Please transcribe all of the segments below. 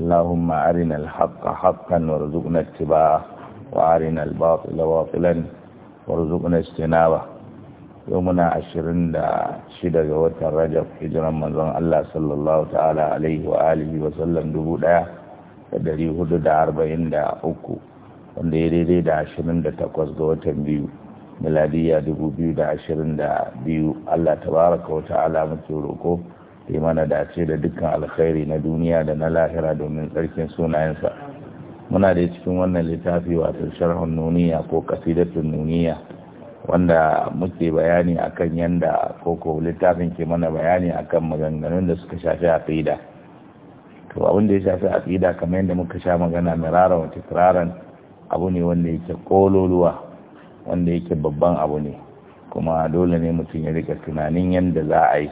اللهم أرنا الحق حقا وارزقنا اتباعه وأرنا الباطل باطلا وارزقنا اجتنابه يومنا عشرين دا شدة جوات الرجب هجرا من ظن الله صلى الله تعالى عليه وآله وسلم دبو دا فدري هدو دا أربعين دا أكو ونديري دا عشرين دا تقوز جوات بيو ميلادية دبو بيو دا عشرين دا بيو الله تبارك وتعالى مكيولوكو yi mana dace da dukkan alkhairi na duniya da na lahira domin tsarkin sunayensa muna da cikin wannan littafi wato sharhun nuniya ko kasidatun nuniya wanda muke bayani akan yanda koko littafin ke mana bayani akan maganganun da suka shafi aqida to abin da ya shafi aqida kamar yadda muka sha magana mirara wa tikraran abu ne wanda yake kololuwa wanda yake babban abu ne kuma dole ne mutum ya rika tunanin yadda za a yi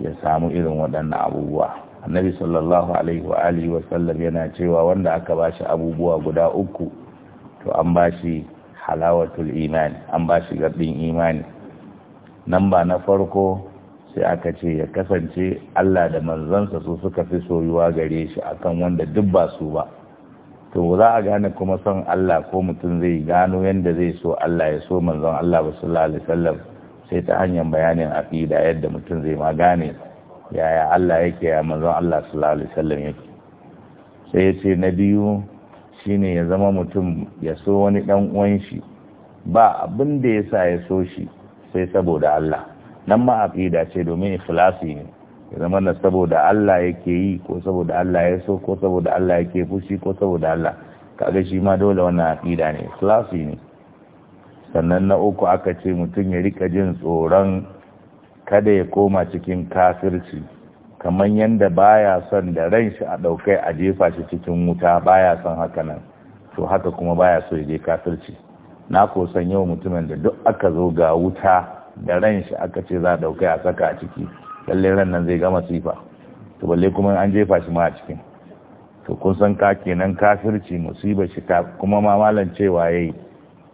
ya samu irin waɗannan abubuwa annabi sallallahu alaihi wa alihi wa sallam yana cewa wanda aka bashi abubuwa guda uku to an bashi halawatul imani an bashi gardin imani nan ba na farko sai aka ce ya kasance Allah da manzansa su suka fi soyuwa gare shi akan wanda duk ba su ba to za a gane kuma son Allah ko mutum zai gano yanda zai so Allah ya so manzon Allah sallallahu alaihi sallam sai ta hanyar bayanin aqida yadda mutum zai ma gane yaya Allah yake ya manzon Allah sallallahu alaihi wasallam yake sai yace ce na biyu shine ya zama mutum ya so wani dan uwan shi ba abin da yasa ya so shi sai saboda Allah nan ma aqida ce domin ikhlasi ne ya zama na saboda Allah yake yi ko saboda Allah ya so ko saboda Allah yake fushi ko saboda Allah kaga shi ma dole wannan aqida ne ikhlasi ne sannan na uku aka ce mutum ya rika jin tsoron kada ya koma cikin kafirci kamar yadda baya son da ran shi a ɗaukai a jefa shi cikin wuta baya son haka nan to haka kuma baya so ya je kafirci na ko yau mutumin da duk aka zo ga wuta da ran shi aka ce za a ɗaukai a saka a ciki lalle ran nan zai gama sifa to balle kuma an jefa shi ma a cikin to kun san ka kenan kafirci musiba shi kuma ma malam cewa yayi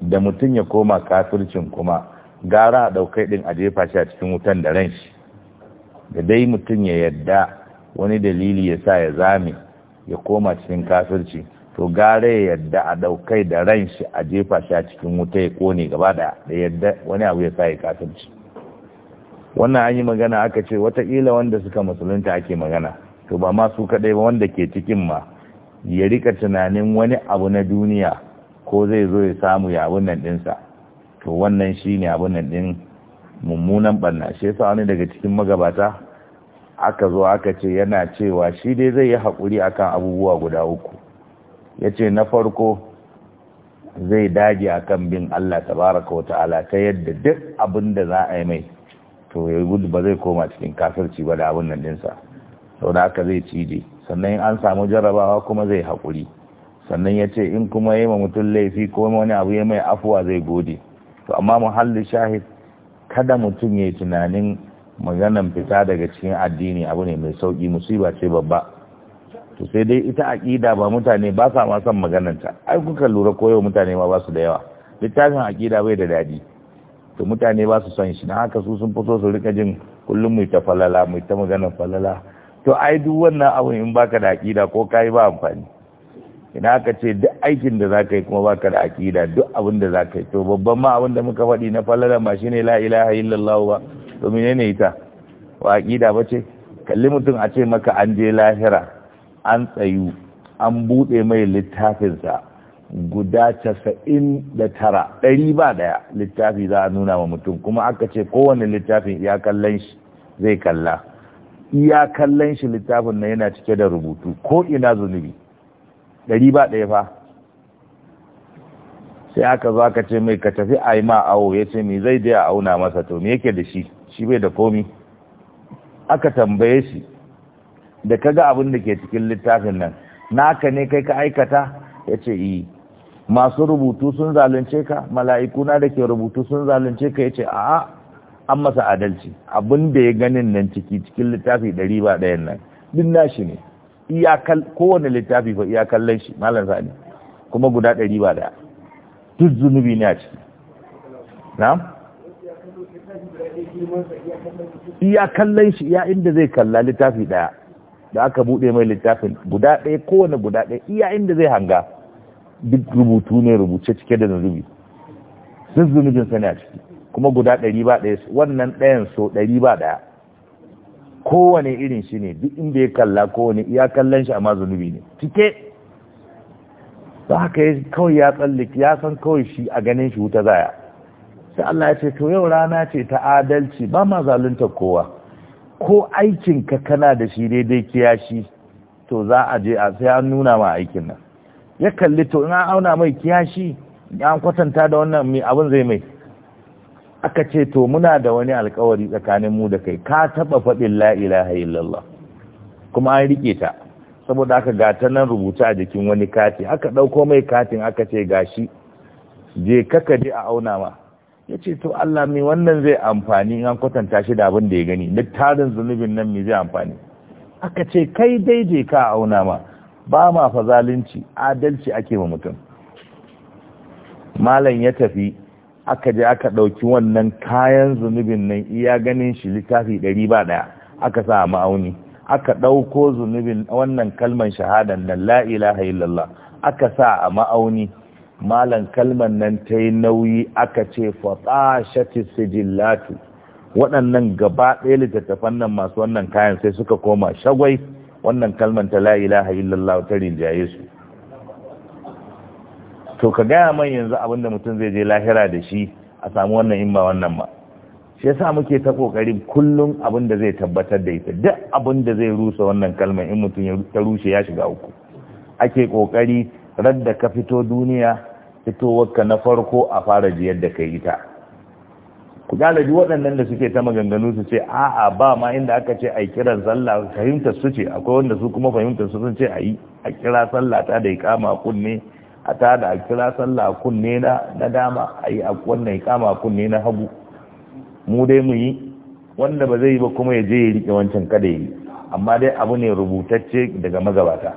da mutum ya koma kafircin kuma gara a ɗaukai ɗin a jefa shi a cikin wutan da ran shi da dai mutum ya yadda wani dalili ya sa ya zame ya koma cikin kafirci to gara ya yadda a ɗaukai da ran shi a jefa shi a cikin wuta ya kone gaba da da yadda wani abu ya sa ya kafirci wannan an yi magana aka ce watakila wanda suka musulunta ake magana to ba ma su kaɗai ba wanda ke cikin ma ya rika tunanin wani abu na duniya ko zai zo ya samu ya abin nan ɗinsa to wannan shi ne abin nan ɗin mummunan ɓanna shi yasa wani daga cikin magabata aka zo aka ce yana cewa shi dai zai yi haƙuri akan abubuwa guda uku ya ce na farko zai dage akan bin Allah tabaraka wa ta'ala ta yadda duk abin da za a yi mai to ya gudu ba zai koma cikin kafirci ba da abin nan dinsa sau da aka zai cije sannan an samu jarrabawa kuma zai haƙuri sannan ya ce in kuma yi ma mutum laifi ko wani abu ya mai afuwa zai gode to amma muhallin shahid kada mutum ya yi tunanin maganan fita daga cikin addini abu ne mai sauki musiba ce babba to sai dai ita aqida ba mutane ba sa ma son ta ai kuka lura koyo mutane ma ba su da yawa littafin aqida bai da daɗi. to mutane ba su son shi na haka su sun fito su rika jin kullum mu ta falala mu ta maganar falala to ai duk wannan abu in baka da aqida ko kai ba amfani idan aka ce duk aikin da za ka yi kuma baka da akida duk abin da za ka yi to babban ma abin da muka faɗi na falala ma shine la ilaha illallah ba to menene ita wa akida ba ce kalli mutum a ce maka an je lahira an tsayu an buɗe mai littafinsa guda casa'in da tara ɗari ba ɗaya littafi za a nuna wa mutum kuma aka ce kowane littafin ya kallon shi zai kalla iya kallon shi littafin na yana cike da rubutu ko ina zunubi ɗari ba ɗaya fa sai aka zo ka ce mai ka tafi a yi ma awo ya ce mai zai je a auna masa to me yake da shi shi bai da komi aka tambaye shi da ka ga abin da ke cikin littafin nan naka ne kai ka aikata ya ce yi e, masu rubutu sun zalunce ka mala'ikuna da ke rubutu sun zalunce ka ya ce a'a an masa adalci abin da ya ganin nan ciki cikin littafi ɗari ba ɗayan nan duk nashi ne iyakal kowane littafi ba iyakal shi malam sani kuma guda ɗari ba da duk zunubi ne a ciki na? iyakal shi iya inda zai kalla littafi ɗaya da aka buɗe mai littafin guda ɗaya kowane guda ɗaya iya inda zai hanga duk rubutu ne rubuce cike da zunubi duk zunubin sani a ciki kuma guda ɗari ba ɗaya wannan ɗayan so ɗari ba ɗaya kowane irin shi ne duk inda ya kalla kowane iya kallon shi amma zunubi ne cike ba haka yi kawai ya tsallake ya san kawai shi a ganin shi wuta zaya sai Allah ya ce to yau rana ce ta adalci ba ma zalunta kowa ko aikin ka kana da shi daidai kiyashi to za a je a sai an nuna ma aikin nan ya kalli to in an auna mai kiyashi an kwatanta da wannan mai abin zai mai aka ce to muna da wani alkawari tsakanin mu da kai ka taba faɗin la ilaha illallah kuma an rike ta saboda aka gata nan rubuta a jikin wani katin, aka ɗauko mai katin aka ce gashi je kaka je a auna ma ya ce to Allah mai wannan zai amfani an kwatanta shi da abin da ya gani duk tarin zunubin nan mai zai amfani aka ce kai dai je ka auna ma ba ma fa zalunci adalci ake ma mutum malam ya tafi aka je aka ɗauki wannan kayan zunubin nan iya ganin shi littafi ɗari ba ɗaya aka sa ma'auni aka ɗauko zunubin wannan kalman shahadan nan "La'ilaha illallah aka sa a ma'auni malan kalman nan ta yi nauyi aka ce sijin sijillatu waɗannan gaba ɗaya littattafan nan masu wannan kayan sai suka koma shagwai wannan kalman ta "La'ilaha illallah ta rinjaye su to ka gaya man yanzu abin da mutum zai je lahira da shi a samu wannan in wannan ba shi yasa muke ta kokari kullum abin da zai tabbatar da ita duk abin da zai rusa wannan kalmar in mutum ya ta rushe ya shiga uku ake kokari radda ka fito duniya fitowarka na farko a fara jiyar da kai ita ku galaji waɗannan da suke ta maganganu su ce a'a ba ma inda aka ce a kiran sallah fahimtar su ce akwai wanda su kuma fahimtar su sun ce a yi a kira sallah ta da ikama kunne a tada a kira sallah kunne na na dama a yi a wannan kama kunne na hagu mu dai mu yi wanda ba zai yi ba kuma ya je ya rike wancan kada yi amma dai abu ne rubutacce daga magabata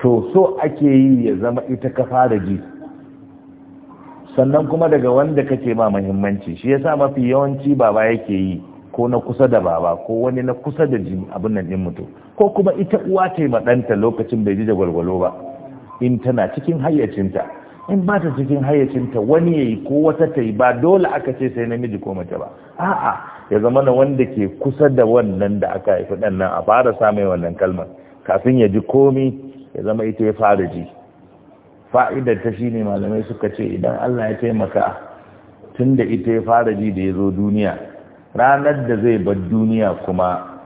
to so ake yi ya zama ita kafa da ji sannan kuma daga wanda kake ma muhimmanci shi yasa mafi yawanci baba yake yi ko na kusa da baba ko wani na kusa da abin nan din mutum ko kuma ita uwa ta yi maɗanta lokacin bai ji da gwalgwalo ba in tana cikin hayyacinta in ba ta cikin hayyacinta wani ya yi ko wata ta yi ba dole aka ce sai namiji ko mace ba a'a ya zama na wanda ke kusa da wannan da aka haifi ɗan nan a fara samun wannan kalmar kafin ya ji komi ya zama ita ya fara ji fa'idar ta shine malamai suka ce idan Allah ya taimaka tun da ita ya fara ji da ya zo duniya ranar da zai bar duniya kuma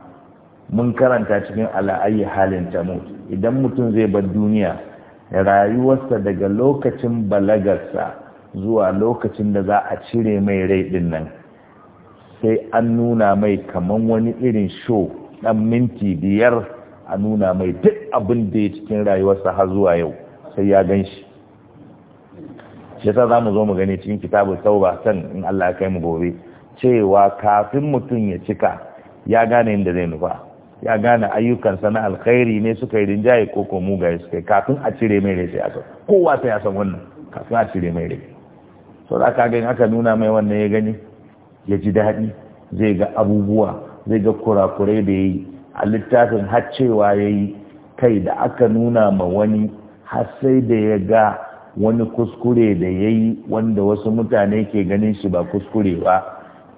mun karanta cikin ala'ayi halin ta mu idan mutum zai bar duniya rayuwarsa daga lokacin balagarsa zuwa lokacin da za a cire mai rai din nan sai an nuna mai kaman wani irin sho ɗan minti biyar a nuna mai duk abin da ya cikin rayuwarsa har zuwa yau sai ya gan shi shi ta za mu zo mu gani cikin kitabu ba san in Allah ya kai mu gobe cewa kafin mutum ya cika ya gane inda zai nufa ya gane ayyukansa na alkhairi ne suka yi rinjaye ko ko mugaye suka yi kafin a cire mai rai sai a san kowa sai ya san wannan kafin a cire mai rai so da ka gani aka nuna mai wannan ya gani ya ji daɗi zai ga abubuwa zai ga kurakurai da ya yi a littafin har cewa ya yi kai da aka nuna ma wani har sai da ya ga wani kuskure da ya yi wanda wasu mutane ke ganin shi ba kuskure ba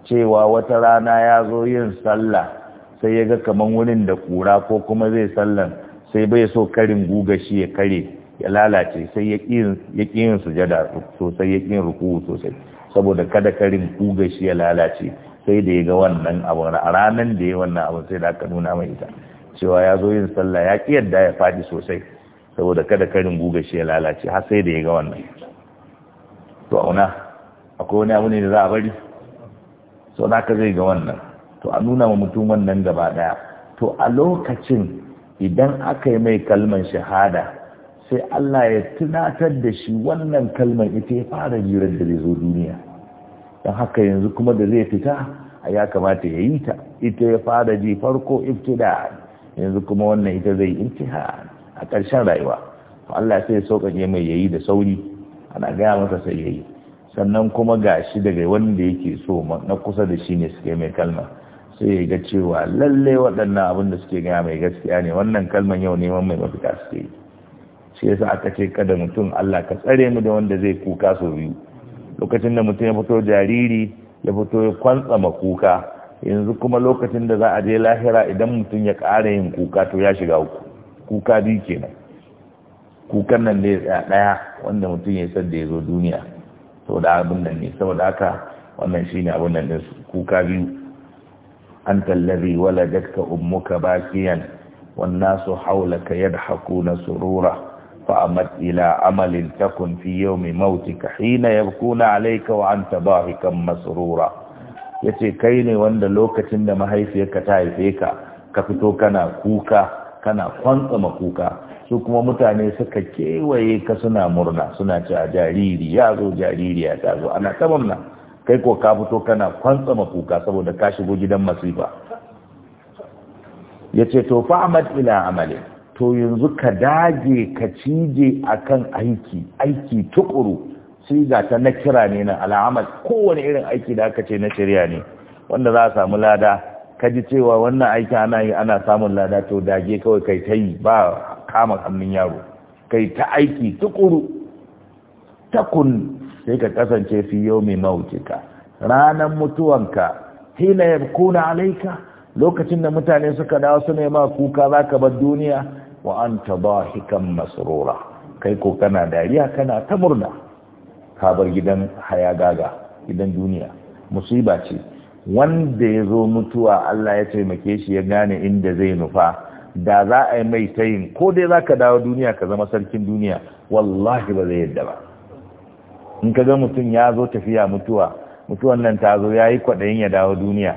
cewa wata rana ya zo yin sallah sai ya ga kamar wurin da kura ko kuma zai sallan sai bai so karin guga shi ya kare ya lalace sai ya ƙi yin sujada sosai ya ƙi yin ruku sosai saboda kada karin guga shi ya lalace sai da ya ga wannan abu a ranar da ya wannan abu sai da aka nuna mai ita cewa ya zo yin sallah ya ƙi yadda ya faɗi sosai saboda kada karin guga shi ya lalace har sai da ya ga wannan to auna akwai wani abu ne da za a bari sau da zai ga wannan to a nuna wa mutum wannan gaba daya to a lokacin idan aka yi mai kalman shahada sai Allah ya tunatar da shi wannan kalman ita ya fara jirar da zai zo duniya don haka yanzu kuma da zai fita a ya kamata ya yi ta ita ya fara ji farko iftida yanzu kuma wannan ita zai intiha a ƙarshen rayuwa to Allah sai ya sauƙaƙe mai yayi da sauri ana gaya masa sai yayi sannan kuma gashi daga wanda yake so na kusa da shi ne suka yi mai kalmar sai ya ga cewa lalle waɗannan abin da suke gaya mai gaskiya ne wannan kalman yau neman mai mafita suke yi shi yasa aka ce kada mutum Allah ka tsare mu da wanda zai kuka sau biyu lokacin da mutum ya fito jariri ya fito ya kwantsama kuka yanzu kuma lokacin da za a je lahira idan mutum ya ƙara yin kuka to ya shiga uku kuka biyu kenan kukan nan da ya tsaya ɗaya wanda mutum ya sadda ya zo duniya to da abin nan ne saboda haka wannan shine abin nan kuka biyu أنت الذي ولدتك أمك باكيا والناس حولك يضحكون سرورا فأمت إلى عمل تكن في يوم موتك حين يبكون عليك وأنت ضاحكا مسرورا yace kai ne wanda lokacin da mahaifiyarka ta haife ka ka fito kana kuka kana kwantsama kuka su kuma mutane suka kewaye ka suna murna suna cewa jariri ya zo jariri ya ta zo ana ta murna kai ko ka fito kana kwantsa kuka saboda ka shigo gidan masifa ya ce to fa'amad ila amali to yanzu ka dage ka cije akan aiki aiki tukuru siga ta na kira ne na al'amal kowane irin aiki da aka ce na shirya ne wanda za a samu lada ka ji cewa wannan aiki ana yi ana samun lada to dage kawai kai ta yi ba kama hannun yaro kai ta aiki tukuru takun sai ka kasance fi yomi mautika ranan mutuwanka hina yabkuna alaika lokacin da mutane suka dawo su ma kuka za ka bar duniya wa anta dahikan masrura kai ko kana dariya kana ta murna ka bar gidan haya gaga gidan duniya musiba ce wanda ya zo mutuwa Allah ya taimake shi ya gane inda zai nufa da za a yi mai tayin ko dai za ka dawo duniya ka zama sarkin duniya wallahi ba zai yadda ba in ka ga mutum ya zo tafiya mutuwa mutuwan nan ta zo ya yi kwaɗayin ya dawo duniya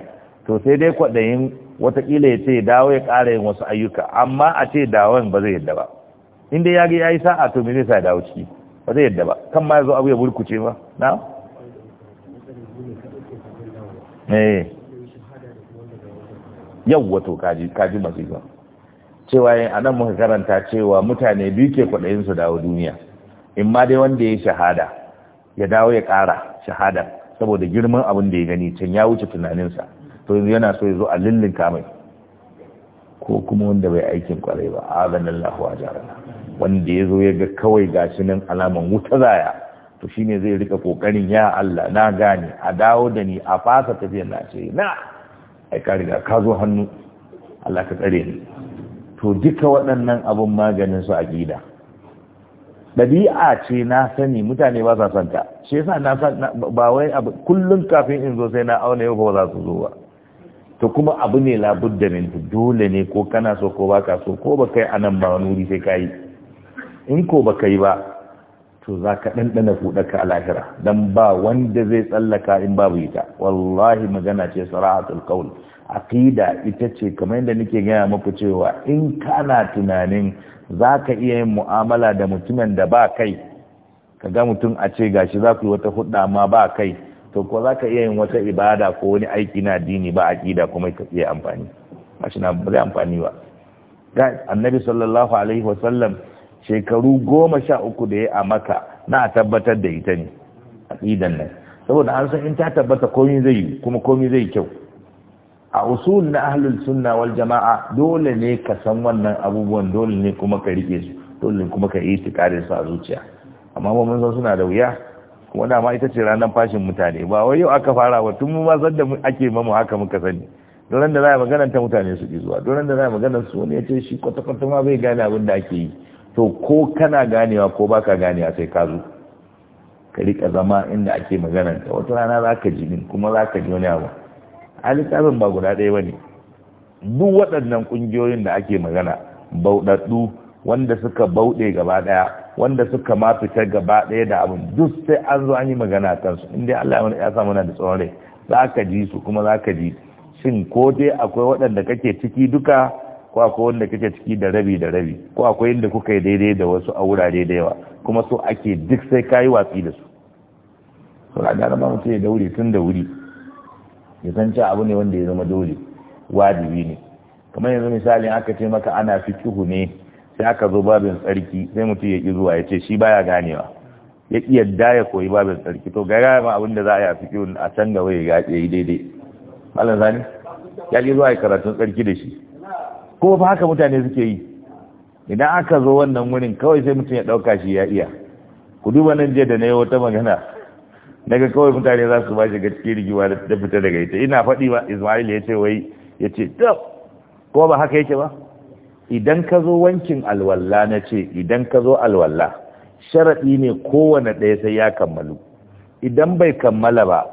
to sai dai kwaɗayin watakila ya ce dawo ya ƙara yin wasu ayyuka amma a ce dawon ba zai yadda ba in dai ya ga ya yi sa'a to me zai sa dawo ciki ba zai yadda ba kan ma ya zo abu ya burkuce ba na eh yawwa to kaji kaji masifa cewa yin nan muka karanta cewa mutane biyu ke kwaɗayin su dawo duniya in ma dai wanda ya shahada ya dawo ya ƙara shahada saboda girman abin da ya gani can ya wuce tunaninsa to yanzu yana so ya zo a lullunka mai ko kuma wanda bai aikin kwarai ba a Allah wa jarana wanda ya zo ya ga kawai gashi nan alaman wuta zaya to shine zai rika kokarin ya Allah na gane a dawo da ni a fasa tafiyar na ce na ai ka riga ka zo hannu Allah ka tsare ni to duka waɗannan abun maganin su aqida ɗabi'a ce na sani mutane ba sa santa shi yasa na ba wai abu kullum kafin in zo sai na auna yau ba za su zo ba to kuma abu ne labudda min dole ne ko kana so ko ba ka so ko ba kai anan ba wani wuri sai ka yi in ko ba kai ba to za ka ɗanɗana fuɗaka a lahira don ba wanda zai tsallaka in babu ita wallahi magana ce sara'atul qaul aqida ita ce kamar yadda nake gaya muku cewa in kana tunanin za ka iya yin mu'amala da mutumin da ba kai ka ga mutum a ce gashi za ku yi wata hudda ma ba kai to ko za ka iya yin wata ibada ko wani aiki na addini ba aƙida kuma ka iya amfani ba shi na bari amfani ba ga annabi sallallahu alaihi wasallam shekaru goma sha uku da ya a maka na tabbatar da ita ne a aƙidan nan saboda an san in ta tabbata komi zai yi kuma komi zai kyau a usul na ahlul sunna wal jama'a dole ne ka san wannan abubuwan dole ne kuma ka rike su dole ne kuma ka yi tikarin su a zuciya amma ba mun san suna da wuya kuma da ma ita ce ranar fashin mutane ba wai yau aka fara ba tun mu ma san da ake mamu haka muka sani don da za a magana ta mutane su ji zuwa ne da za a magana su wani ya ce shi kwata-kwata ma bai gane abin da ake yi to ko kana ganewa ko baka ganewa sai ka zo ka rika zama inda ake maganar ta wata rana za ka ji kuma za ka ji wani abu a littafin ba guda ɗaya ba ne duk waɗannan ƙungiyoyin da ake magana bauɗaɗɗu wanda suka bauɗe gaba ɗaya wanda suka ma fita gaba ɗaya da abin duk sai an zo an yi magana a kansu in dai Allah ya sa muna da tsoron rai za ka ji su kuma za ka ji shin ko dai akwai waɗanda kake ciki duka ko akwai wanda kake ciki da rabi da rabi ko akwai inda kuka yi daidai da wasu a wurare da yawa kuma so ake duk sai kayi watsi da su. Sura da ba mutum ya daure tun da wuri. ya san cewa abu ne wanda ya zama dole wajibi ne kamar yanzu misali aka ce maka ana kihu ne sai aka zo babin tsarki sai mutum ya ki zuwa ya ce shi baya ganewa ya ki yadda ya koyi babin tsarki to ga ma abin da za a yi a fikihun a can gaba ya yi daidai malam zani ya ki zuwa ya karatun tsarki da shi ko fa haka mutane suke yi idan aka zo wannan wurin kawai sai mutum ya ɗauka shi ya iya ku duba nan jiya da na yi wata magana daga kawai mutane za su ba shi ga rigiwa da fita daga ita ina faɗi ba ismail ya ce wai ya ce ko ba haka yake ba idan ka zo wankin alwalla na ce idan ka zo alwalla sharaɗi ne kowane ɗaya sai ya kammalu idan bai kammala ba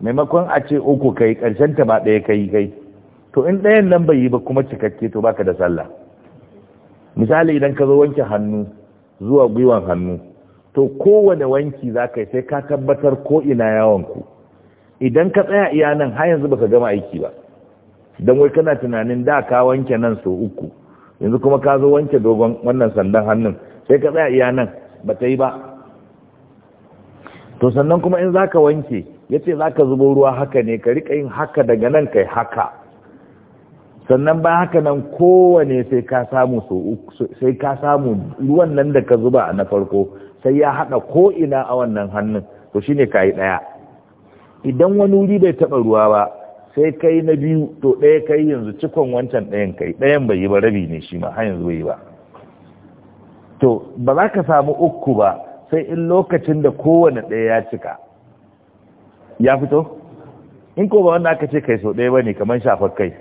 maimakon a ce uku kai karshen ta ma ɗaya kai kai to in ɗayan nan bai yi ba kuma cikakke to baka da sallah misali idan ka zo wanke hannu zuwa gwiwan hannu to kowane wanki za ka yi sai ka tabbatar ko ina yawonku. idan ka tsaya iya nan har yanzu ba ka gama aiki ba don wai kana tunanin da ka wanke nan sau uku yanzu kuma ka zo wanke dogon wannan sandan hannun sai ka tsaya iya nan ba ta yi ba to sannan kuma in za ka wanke ya ce za ka zubo ruwa haka ne ka riƙa yin haka daga nan kai haka sannan ba haka nan kowane sai ka samu ruwan nan da ka zuba na farko sai ya haɗa ko ina a wannan hannun to shi ne ka yi ɗaya idan wani wuri bai taɓa ruwa ba sai ka na biyu to ɗaya ka yi yanzu cikon wancan ɗayan ka yi ɗayan bai yi ba rabi ne shi ma har yanzu bai yi ba to ba za ka samu uku ba sai in lokacin da kowane ɗaya ya cika ya fito in ko ba wanda aka ce kai sau ɗaya ba ne kamar shafar kai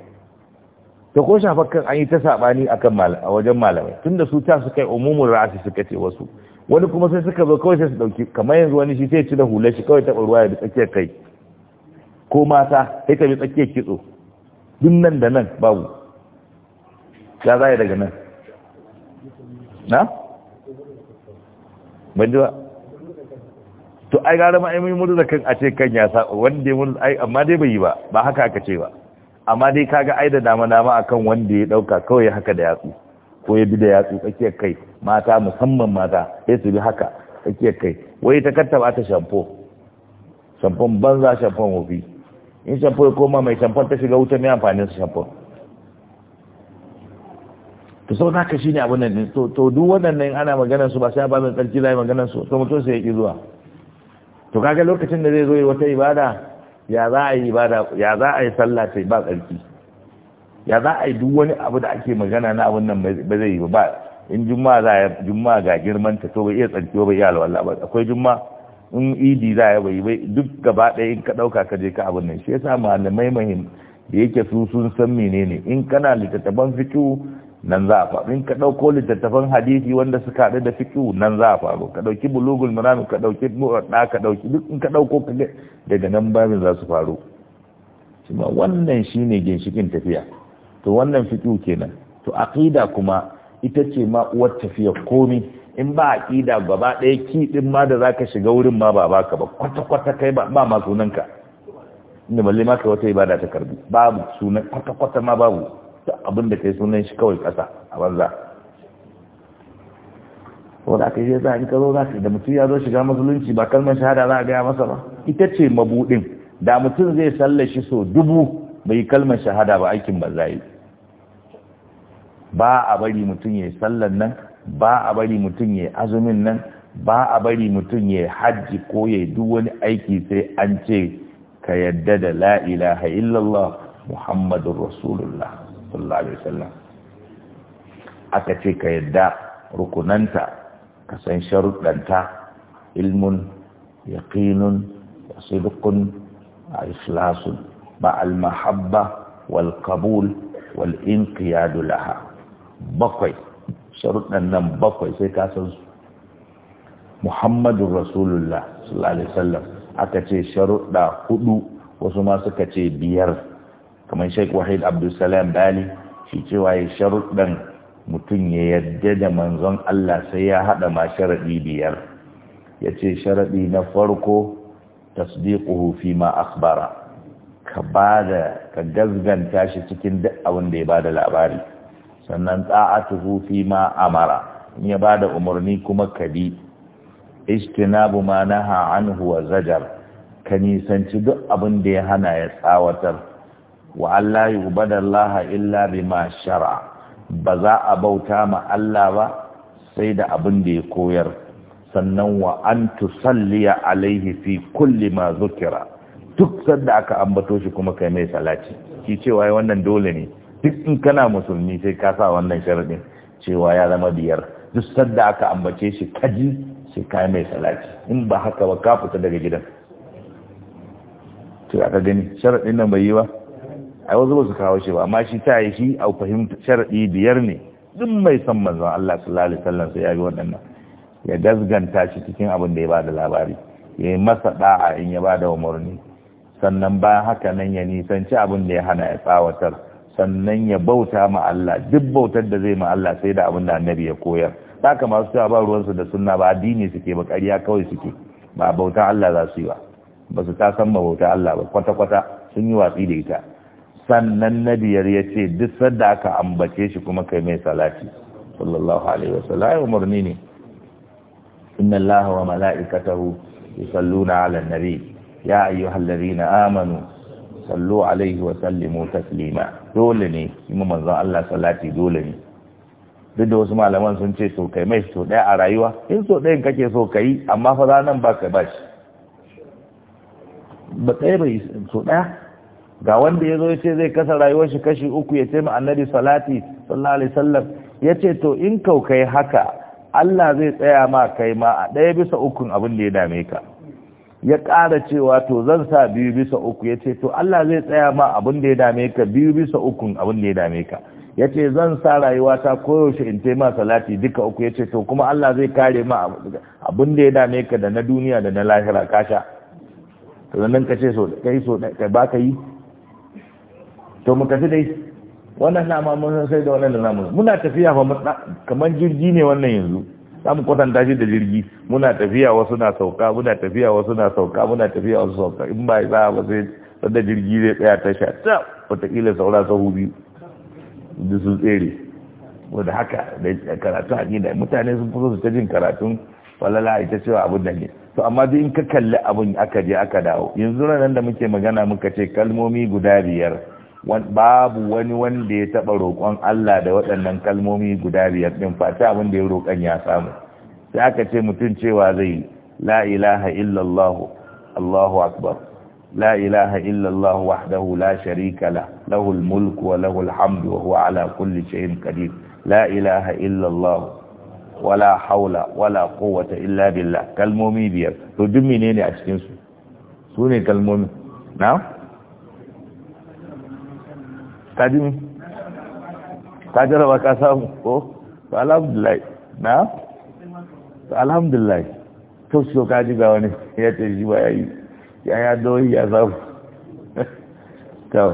ta ko shafakan an yi ta saɓani a wajen malamai tun da su ta su kai umumin ra'asi suka ce wasu wani kuma sai suka zo kawai sai su ɗauki kamar yanzu wani shi sai ci da hular shi kawai taɓa ruwa ya bi tsakiyar kai ko mata sai ta bi tsakiyar kitso duk nan da nan babu ya za daga nan na? ban ji ba to ai gara ma'aimai murzakan a ce kan ya sa wanda ya murzakan amma dai bai yi ba ba haka aka ce ba amma dai kaga ai da dama dama akan wanda ya dauka kawai haka da yatsu ko ya bi da yatsu tsakiyar kai mata musamman mata ya su bi haka tsakiyar kai wai ta kattaba ta shampo shampon banza shampon wofi in shampo ya koma mai shampon ta shiga wuta mai amfani da shampon to sau naka shi ne abin nan to duk waɗannan ana maganar su ba sai ba mai tsarki zai maganar su to mutum sai ya ki zuwa to kaga lokacin da zai zo wata ibada ya za a yi ibada ya sallah sai ba tsarki ya za a yi duk wani abu da ake magana na abun nan ba zai yi ba in juma za a juma ga girman ta to bai iya tsarki ba iya alwala ba akwai juma in idi za a yi bai duk gaba ɗaya in ka ɗauka ka je ka abun nan shi yasa malamai mahim da yake su sun san menene in kana littattafan fito. nan za a faru in ka ɗauko littattafan hadisi wanda suka haɗu da fiƙihu nan za a faru ka ɗauki bulugul marami ka ɗauki muwaɗa ka ɗauki duk in ka ɗauko ka daga nan babin za su faru shima wannan ne ginshikin tafiya to wannan fiƙihu kenan to aƙida kuma ita ce ma uwar tafiya komi in ba aƙida gaba ɗaya ki ɗin ma da zaka shiga wurin ma ba baka ba kwata kwata kai ba ma sunanka inda balle ma ka wata ibada ta karbi babu sunan kwata kwata ma babu abinda da kai sunan shi kawai kasa a banza wanda aka yi za a yi karo za su da mutum ya zo shiga musulunci ba kalmar shahada za a gaya masa ba ita ce mabuɗin da mutum zai shi so dubu bai kalmar shahada ba aikin ba za ba a bari mutum ya yi sallan nan ba a bari mutum ya yi azumin nan ba a bari mutum ya yi hajji ko ya duk wani aiki sai an ce ka yadda da la'ila ha'illallah muhammadu muhammadun rasulullah sallallahu alaihi wasallam aka ce ka yadda rukunanta ka san sharuɗanta ilmun yaqinun sidqun ikhlasun ma al mahabba wal qabul wal inqiyadu laha bakwai sharuɗan nan bakwai sai ka san su Muhammadun Rasulullah sallallahu alaihi wasallam aka ce sharuɗa hudu wasu ma suka ce biyar kamar sheik wahid abdulsalam bali shi cewa ya sharuɗan mutum ya yarda da manzon Allah sai ya haɗa ma sharaɗi biyar ya ce sharaɗi na farko tasdiquhu fi ma akhbara ka bada ka gazganta shi cikin duk abin da ya da labari sannan ta'atuhu fi ma amara in ya bada umarni kuma ka bi ijtinabu ma naha anhu wa zajar ka nisanci duk abin da ya hana ya tsawatar wa Allah yubadallaha illa bima shar'a ba za a bauta ma Allah ba sai da abin da ya koyar sannan wa an tusalliya alaihi fi kulli ma zukira duk sanda aka ambato shi kuma kai mai salati ki cewa wannan dole ne duk in kana musulmi sai ka sa wannan sharadin cewa ya zama biyar duk sanda aka ambace shi kaji sai kai mai salati in ba haka ba ka fita daga gidan to aka gani sharadin nan bai yi ba ai wasu ba su kawo shi ba amma shi ta yi shi a fahimta sharadi biyar ne duk mai son manzon Allah sallallahu alaihi wasallam sai ya bi waɗannan ya gasganta shi cikin abin da ya bada labari ya yi masa da'a in ya bada umarni sannan bayan haka nan ya nisanci abin da ya hana ya tsawatar sannan ya bauta ma Allah duk bautar da zai ma Allah sai da abin da annabi ya koyar haka masu cewa ba ruwansu da sunna ba addini suke ba ƙarya kawai suke ba bautan Allah za su yi ba ba su ta san ba bautan Allah ba kwata-kwata sun yi watsi da ita sannan na biyar ya ce duk sadda aka ambace shi kuma kai mai salati sallallahu alaihi wasallam ya umarni ne inna allaha wa mala'ikatahu yusalluna 'alan nabi ya ayyuhalladhina amanu sallu alaihi wa sallimu taslima dole ne kuma manzon Allah salati dole ne duk da wasu malaman sun ce so kai mai so daya a rayuwa in so dayan kake so kai amma fa ranan ba ka ba ba kai bai so daya ga wanda ya zo ya ce zai kasa rayuwar shi kashi uku ya ce ma annabi salati sallallahu alaihi wasallam ya ce to in kau kai haka Allah zai tsaya ma kai ma a ɗaya bisa ukun abin da ya dame ka ya ƙara cewa to zan sa biyu bisa uku ya ce to Allah zai tsaya ma abin da ya dame ka biyu bisa ukun abin da ya dame ka ya ce zan sa rayuwa ta koyaushe in ma salati duka uku ya ce to kuma Allah zai kare ma abin da ya dame ka da na duniya da na lahira kasha to nan ka ce so kai so kai ba ka yi to mu tafi dai wannan na ma mun sai da wannan da namu muna tafiya fa kamar jirgi ne wannan yanzu za mu kwatanta shi da jirgi muna tafiya wasu na sauka muna tafiya wasu na sauka muna tafiya wasu sauka in ba za ba sai wanda jirgi zai tsaya ta sha ta wataƙila saura sahu biyu da sun tsere wanda haka da karatu a gida mutane sun fi su ta jin karatun falala ita cewa abin da ne to amma duk in ka kalli abin aka je aka dawo yanzu ranar da muke magana muka ce kalmomi guda biyar babu wani wanda ya taba roƙon Allah da waɗannan kalmomi guda biyar din face abin da ya roƙon ya samu sai aka ce mutum cewa zai la ilaha illallah Allahu akbar la ilaha illallah wahdahu la sharika la lahul mulku wa lahul hamdu wa huwa ala kulli shay'in qadir la ilaha illallah wala haula wala quwwata illa billah kalmomi biyar to duk menene a cikin su sune kalmomi na'am ka ji mi ka jaraba ka samu ko to alhamdulillah na to alhamdulillah to so ka ji ga wani ya ce shi ba ya yi ya ya doyi ya samu to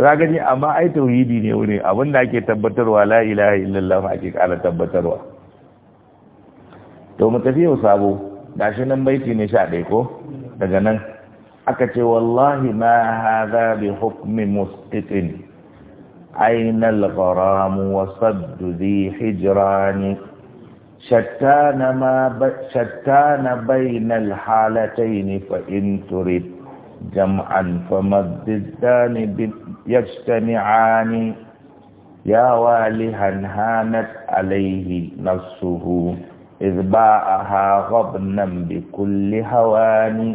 za gani amma ai tauhidi ne wuri abinda ake tabbatarwa la ilaha illallah ma ake kara tabbatarwa to mu tafi yau sabo gashi nan baiti ne sha ɗaya ko daga nan aka ce wallahi ma hadha bi hukmi musqitin أين الغرام وصد ذي حجران شتان, ما ب... شتان بين الحالتين فإن ترد جمعا فما الضدان ب... يجتمعان يا والها هانت عليه نفسه إذ باعها غبنا بكل هوان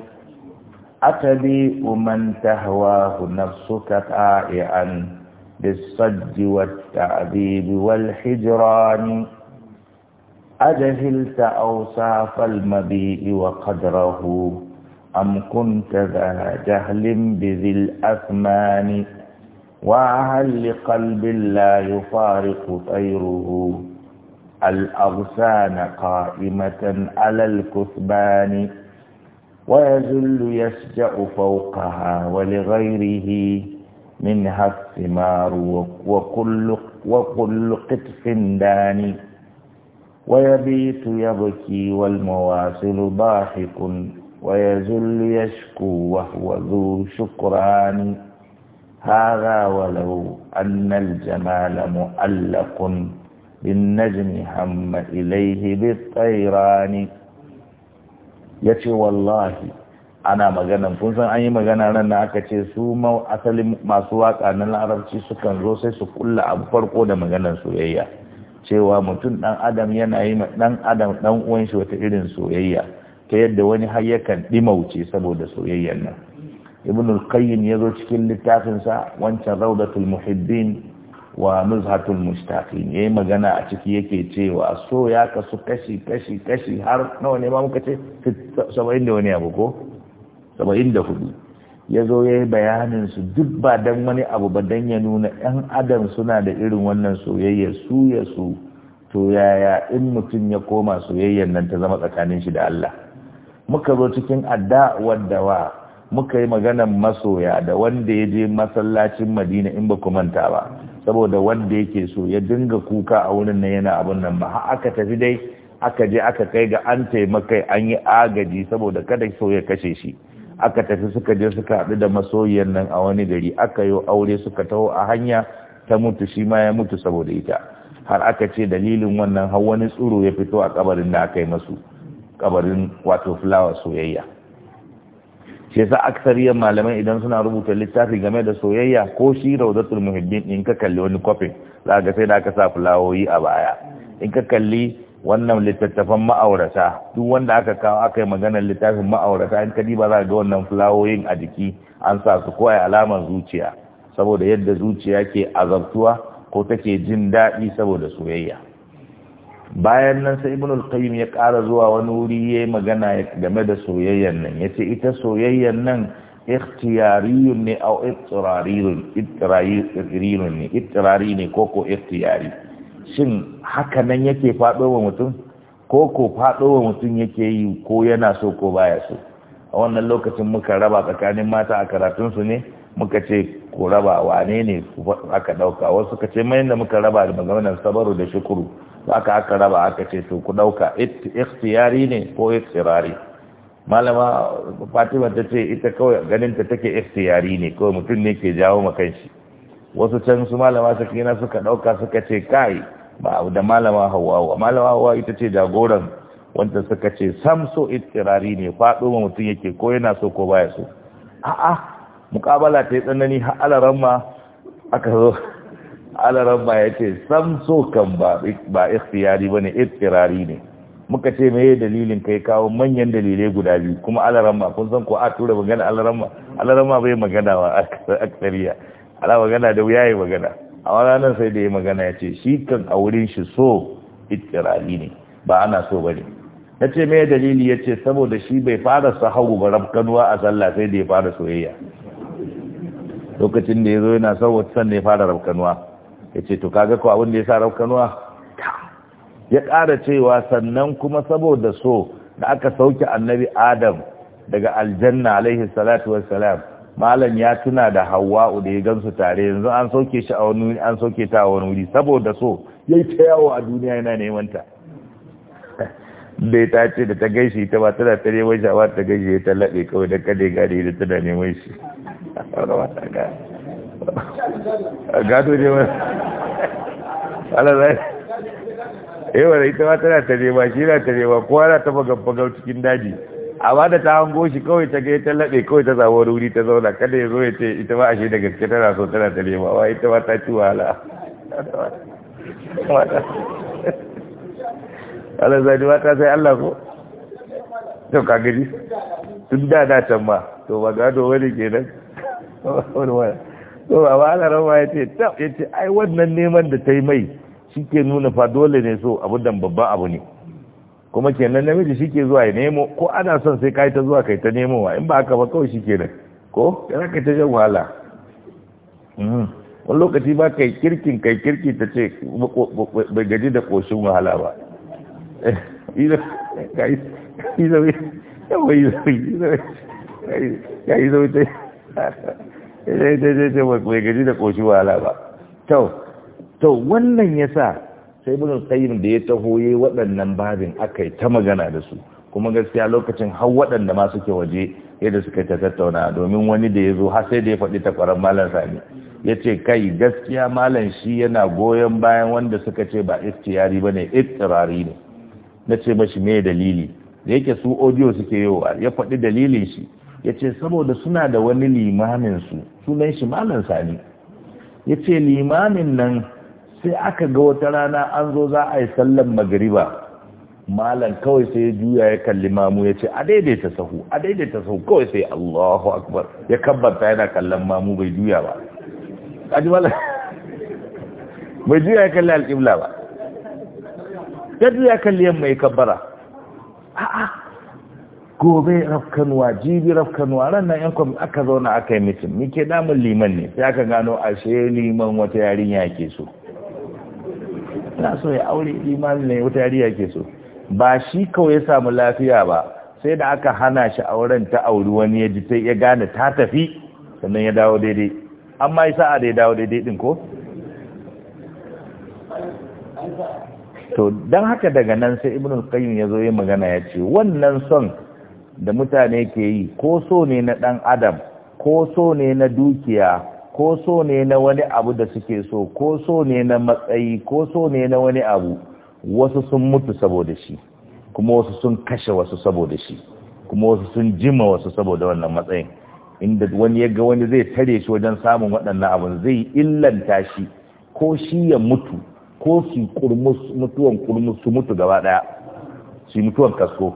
أتبيء من تهواه نفسك طائعا بالصد والتعذيب والحجران أجهلت أوصاف المبيء وقدره أم كنت ذا جهل بذي الأثمان وهل لقلب لا يفارق طيره الأغصان قائمة على الكثبان ويزل يسجأ فوقها ولغيره منها الثمار وكل, وكل قطف داني ويبيت يبكي والمواصل ضاحك ويزل يشكو وهو ذو شكران هذا ولو أن الجمال مؤلق بالنجم هم إليه بالطيران يتي والله ana maganan kun san an yi magana ran na aka ce su asalin masu waka na larabci sukan zo sai su kulla abu farko da maganar soyayya cewa mutum dan adam yana yi dan adam dan uwan shi wata irin soyayya ta yadda wani har yakan dimauce saboda soyayyar nan ibn al-qayyim yazo cikin littafin sa wancan rawdatul muhibbin wa nuzhatul mushtaqin yayi magana a ciki yake cewa so ya kasu kashi kashi kashi har nawa ne ma muka ce 70 da wani abu ko saba'in da hudu ya zo ya yi bayaninsu duk ba don wani abu ba don ya nuna 'yan adam suna da irin wannan soyayya su ya su to yaya in mutum ya koma soyayyar nan ta zama tsakanin shi da Allah muka zo cikin adda wadda wa muka yi maganan masoya da wanda ya je masallacin madina in ba ku manta ba saboda wanda yake so ya dinga kuka a wurin nan yana abun nan ba har aka tafi dai aka je aka kai ga an taimakai an yi agaji saboda kada so ya kashe shi aka tafi suka je suka haɗu da masoyiyar nan a wani gari aka yi aure suka taho a hanya ta mutu shi ma ya mutu saboda ita har aka ce dalilin wannan har wani tsuro ya fito a kabarin da aka yi masu kabarin wato fulawa soyayya shi yasa aksariyar malamai idan suna rubuta littafi game da soyayya ko shi raudatul muhimmin in ka kalli wani kofin za ga sai da aka sa fulawoyi a baya in ka kalli wannan littattafan ma'aurata duk wanda aka kawo aka yi maganar littafin ma'aurata in kadi ba za ga wannan fulawoyin a jiki an sa su ko alamar zuciya saboda yadda zuciya ke azabtuwa ko take jin daɗi saboda soyayya bayan nan sai ibn al-qayyim ya ƙara zuwa wani wuri yayi magana game da soyayyan nan yace ita soyayyan nan ikhtiyariyun ne au ittirariyun ittirariyun ne ittirari ne ko ko ikhtiyari shin haka nan yake faɗo wa mutum ko ko faɗo wa mutum yake yi ko yana so ko baya so a wannan lokacin muka raba tsakanin mata a karatunsu ne muka ce ku raba wane ne aka ɗauka wasu ka ce mai da muka raba da maganar sabaru da shukuru aka aka raba aka ce to ku ɗauka ikhtiyari ne ko ikhtirari malama fatima ta ce ita kawai ganinta take ikhtiyari ne kawai mutum ne ke jawo ma kanshi wasu can su malama sakina suka ɗauka suka ce kai ba da malama hawawa malama hawa ita ce jagoran wanda suka ce sam so ne faɗo ma mutum yake ko yana so ko baya so a'a mukabala ta yi tsanani har alaran ma aka zo alaran ma sam so kan ba ba ikhtiyari bane itirari ne muka ce meye dalilin kai kawo manyan dalilai guda biyu kuma ma kun san ko a tura magana alaran ma bai magana wa aksariya alaran magana da wuya yi magana a ranar sai da ya magana ya ce shi kan a wurin shi so itirari ne ba ana so ba ne na ce mai dalili ya ce saboda shi bai fara hau ba rafkanuwa a sallah sai da ya fara soyayya lokacin da ya zo yana son wata ya fara rafkanuwa ya ce to kaga ko abin da ya sa rafkanuwa ya ƙara cewa sannan kuma saboda so da aka sauke annabi adam daga aljanna alaihi salatu wassalam malam ya tuna da hawa'u da ya gansu tare yanzu an soke shi a wani an soke ta wani wuri saboda so yi ta yawo a duniya yana neman ta bai ta ce da ta gaishe ta ba tana ta neman shi ba ta gaishe ta laɓe kawai da kade gari da tana neman shi gado ne wani ala zai eh wani ita ba tana ta nema shi na ta nema kowa na ta bagan cikin daji ba da ta hango shi kawai ta ga ta laɓe kawai ta zawo wuri ta zauna kada ya zo ya ce ita ba ashe da gaske tana so tana ta nema wa ita ba ta ci wahala Allah zai ba ta sai Allah ko to ka gani tun da da can ma to ba gado wani kenan wani wani to ba ba ala rawa ya ce ta ya ce ai wannan neman da ta yi mai shi ke nuna fa dole ne so abu dan babban abu ne kuma kenan namiji shi ke zuwa ya nemo ko ana son sai kai ta zuwa kai ta nemo wa in ba haka ba kawai shi kenan ko kana kai ta jan wahala mm-hmm. wani lokaci ba kai kirkin kai kirki ta ce bai gaji da koshin wahala ba ya eh, yi zaune ta yi eh, to wannan ya sai ibn qayyim da ya taho yayi waɗannan babin aka yi ta magana da su kuma gaskiya lokacin har waɗanda ma suke waje yadda suka ta tattauna domin wani da ya zo har sai da ya faɗi takwaran malam sani ya ce kai gaskiya malam shi yana goyon bayan wanda suka ce ba istiyari ba ne ittirari ne na ce mashi me dalili da yake su audio suke yowa ya faɗi dalilin shi ya ce saboda suna da wani limamin su sunan shi malam sani ya ce limamin nan sai aka ga wata rana an zo za a yi sallan magariba malam kawai sai ya juya ya kalli mamu ya ce a daidaita sahu a daidaita sahu kawai sai Allahu akbar ya kabbata yana kallon mamu bai juya ba bai juya ya kalli alƙibla ba ya juya kalli yamma ya kabbara a'a gobe rafkanuwa jibi rafkanuwa ranar yan kwam aka zauna aka yi mitin ke damun liman ne sai aka gano ashe liman wata yarinya ke so Ina so ya aure imani ne wata yariya ke so ba shi kawai ya samu lafiya ba sai da aka hana shi auren ta auri wani ya ji sai ya gane ta tafi sannan ya dawo daidai amma ya sa'a da ya dawo daidai din ko to don haka daga nan sai ibn ya zo ya magana ya ce wannan son da mutane ke yi ko so ne na dan adam ko so ne na dukiya ko so ne na wani abu da suke so ko so ne na matsayi ko so ne na wani abu wasu sun mutu saboda shi kuma wasu sun kashe wasu saboda shi kuma wasu sun jima wasu saboda wannan matsayin inda wani ya ga wani zai tare shi wajen samun waɗannan abin zai illanta shi ko shi ya mutu ko su mutuwan kurmus su mutu gaba ɗaya su mutuwan kasko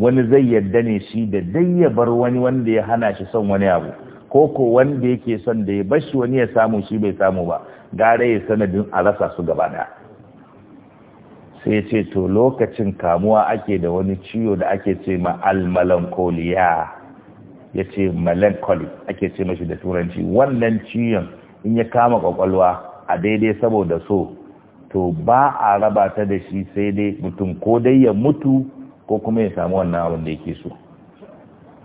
wani zai yadda ne shi da dai ya bar wani wanda ya hana shi son wani abu ko ko wanda yake son da ya bashi wani ya samu shi bai samu ba gara ya sanadin a rasa su gaba daya sai ce to lokacin kamuwa ake da wani ciwo da ake ce ma almalankoliya ya ce melancholy ake ce mashi da turanci wannan ciyon in ya kama kwakwalwa a daidai saboda so to ba a rabata da shi sai dai mutum ko dai ya mutu ko kuma ya samu wannan abin da yake so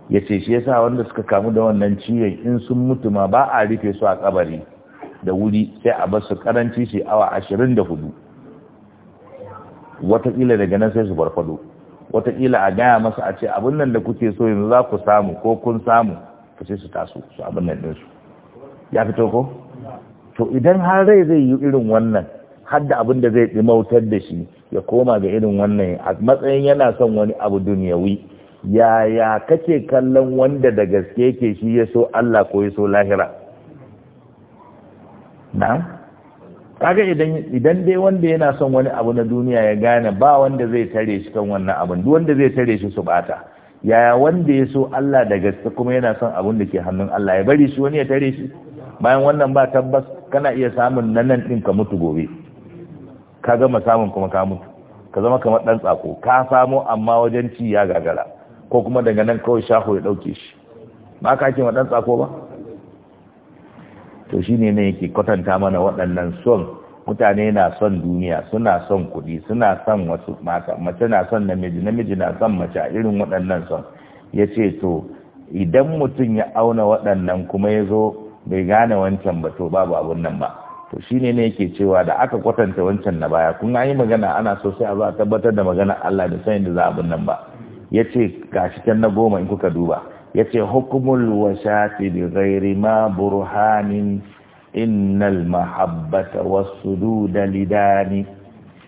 ya ce shi yasa wanda suka kamu da wannan ciwon in sun mutu ma ba a rufe su a kabari da wuri sai a basu karanci shi awa ashirin da hudu watakila daga nan sai su farfado watakila a gaya masa a ce abin nan da kuke so yanzu za ku samu ko kun samu ku sai su taso su abin nan ɗinsu ya fito ko to idan har rai zai yi irin wannan har da abin da zai ɗimautar da shi ya koma ga irin wannan a matsayin yana son wani abu duniyawi yaya kake kallon wanda da gaske yake shi ya so Allah ko ya so lahira kaga idan idan dai wanda yana son wani abu na duniya ya gane ba wanda zai tare shi kan wannan abin duk wanda zai tare shi su bata yaya wanda ya so Allah da gaske kuma yana son abin da ke hannun Allah ya bari shi wani ya tare shi bayan wannan ba tabbas kana iya samun nanan din ka mutu gobe ka gama samun kuma ka mutu ka zama kamar dan tsako ka samo amma wajen ci ya gagara ko kuma daga nan kawai shaho ya ɗauke shi ba ka ake waɗansa tsako ba to shi ne na yake kwatanta mana waɗannan son mutane na son duniya suna son kuɗi suna son wasu mace na son namiji namiji na son mace a irin waɗannan son ya ce to idan mutum ya auna waɗannan kuma ya zo bai gane wancan ba to babu abun nan ba to shi ne na yake cewa da aka kwatanta wancan na baya kun yi magana ana so sai a za a tabbatar da magana Allah da sanin da za abun nan ba ya ce gashi cikin na goma in kuka duba ya ce hukumul shafi da zairi ma burhanin innal mahabbata da lidani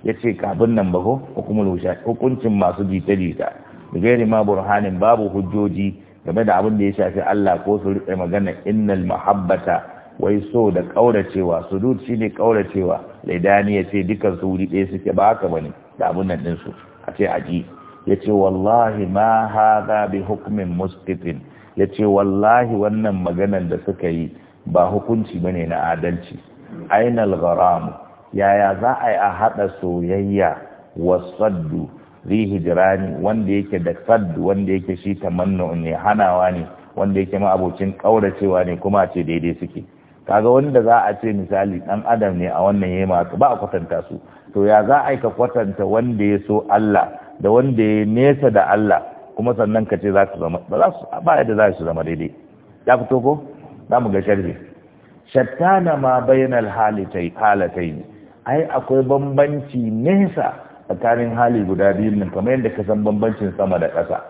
ya ce kafin nan ba ko hukumul shafi hukuncin masu jita-jita da zairi ma burhanin babu hujjoji game da abin da ya shafi Allah ko su rike magana innal mahabbata wai so da kauracewa shi ne kauracewa lidani ya ce dukan su wuri ɗaya suke ba haka bane da abin nan ɗinsu a ce ji. Ya ce wallahi ma haɗa bi hukumin hukmin Ya ce wallahi wannan maganan da suka yi ba hukunci ne na adalci ainihin gharam yaya za a yi a haɗa soyayya wasaddu zai hijirani wanda yake da saddu wanda yake shi tamannu ne hanawa ne wanda yake ma abokin kauracewa ne kuma ce daidai suke kaga wanda za a ce misali ɗan adam ne a wannan yayi ba a kwatanta su to ya za a ka kwatanta wanda ya so Allah da wanda ya nesa da Allah kuma sannan ka ce za su zama ba za su ba yadda za su zama daidai ya fito ko za mu ga sharhi shattana ma bayanar halitai halatai ai akwai bambanci nesa tsakanin hali guda biyu nan kamar yadda ka san bambancin sama da ƙasa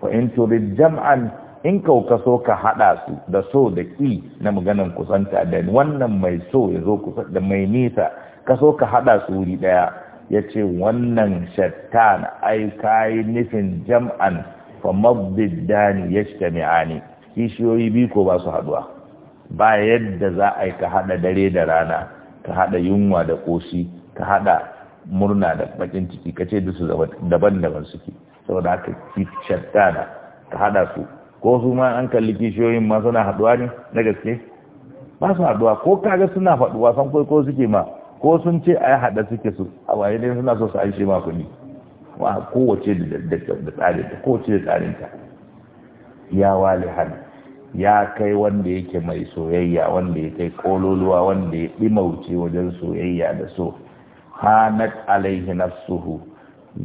fa in turi jam'an in kauka so ka haɗa su da so da ƙi na maganan kusanta da wannan mai so ya zo kusa da mai nisa ka so ka haɗa su wuri ɗaya ya ce wannan shattan ai ka yi nufin jam'an fa mabdiddani ya shi kishiyoyi biyu ko ba su haduwa ba yadda za a yi ka hada dare da rana ka hada yunwa da ƙoshi, ka hada murna da bakin ciki ka ce dusu daban-daban suke saboda haka shattana ka hada su ko su ma an kalli kishiyoyin ma suna haduwa ne na gaske ba su haduwa ko kaga suna faduwa san ko suke ma ko sun ce a haɗa suke su a waye ne suna so su aishe ma kuɗi wa kowace da ta kowace da ta ya ya kai wanda yake mai soyayya wanda ya kai kololuwa wanda ya ɗimauce wajen soyayya da so hanat alaihi nafsuhu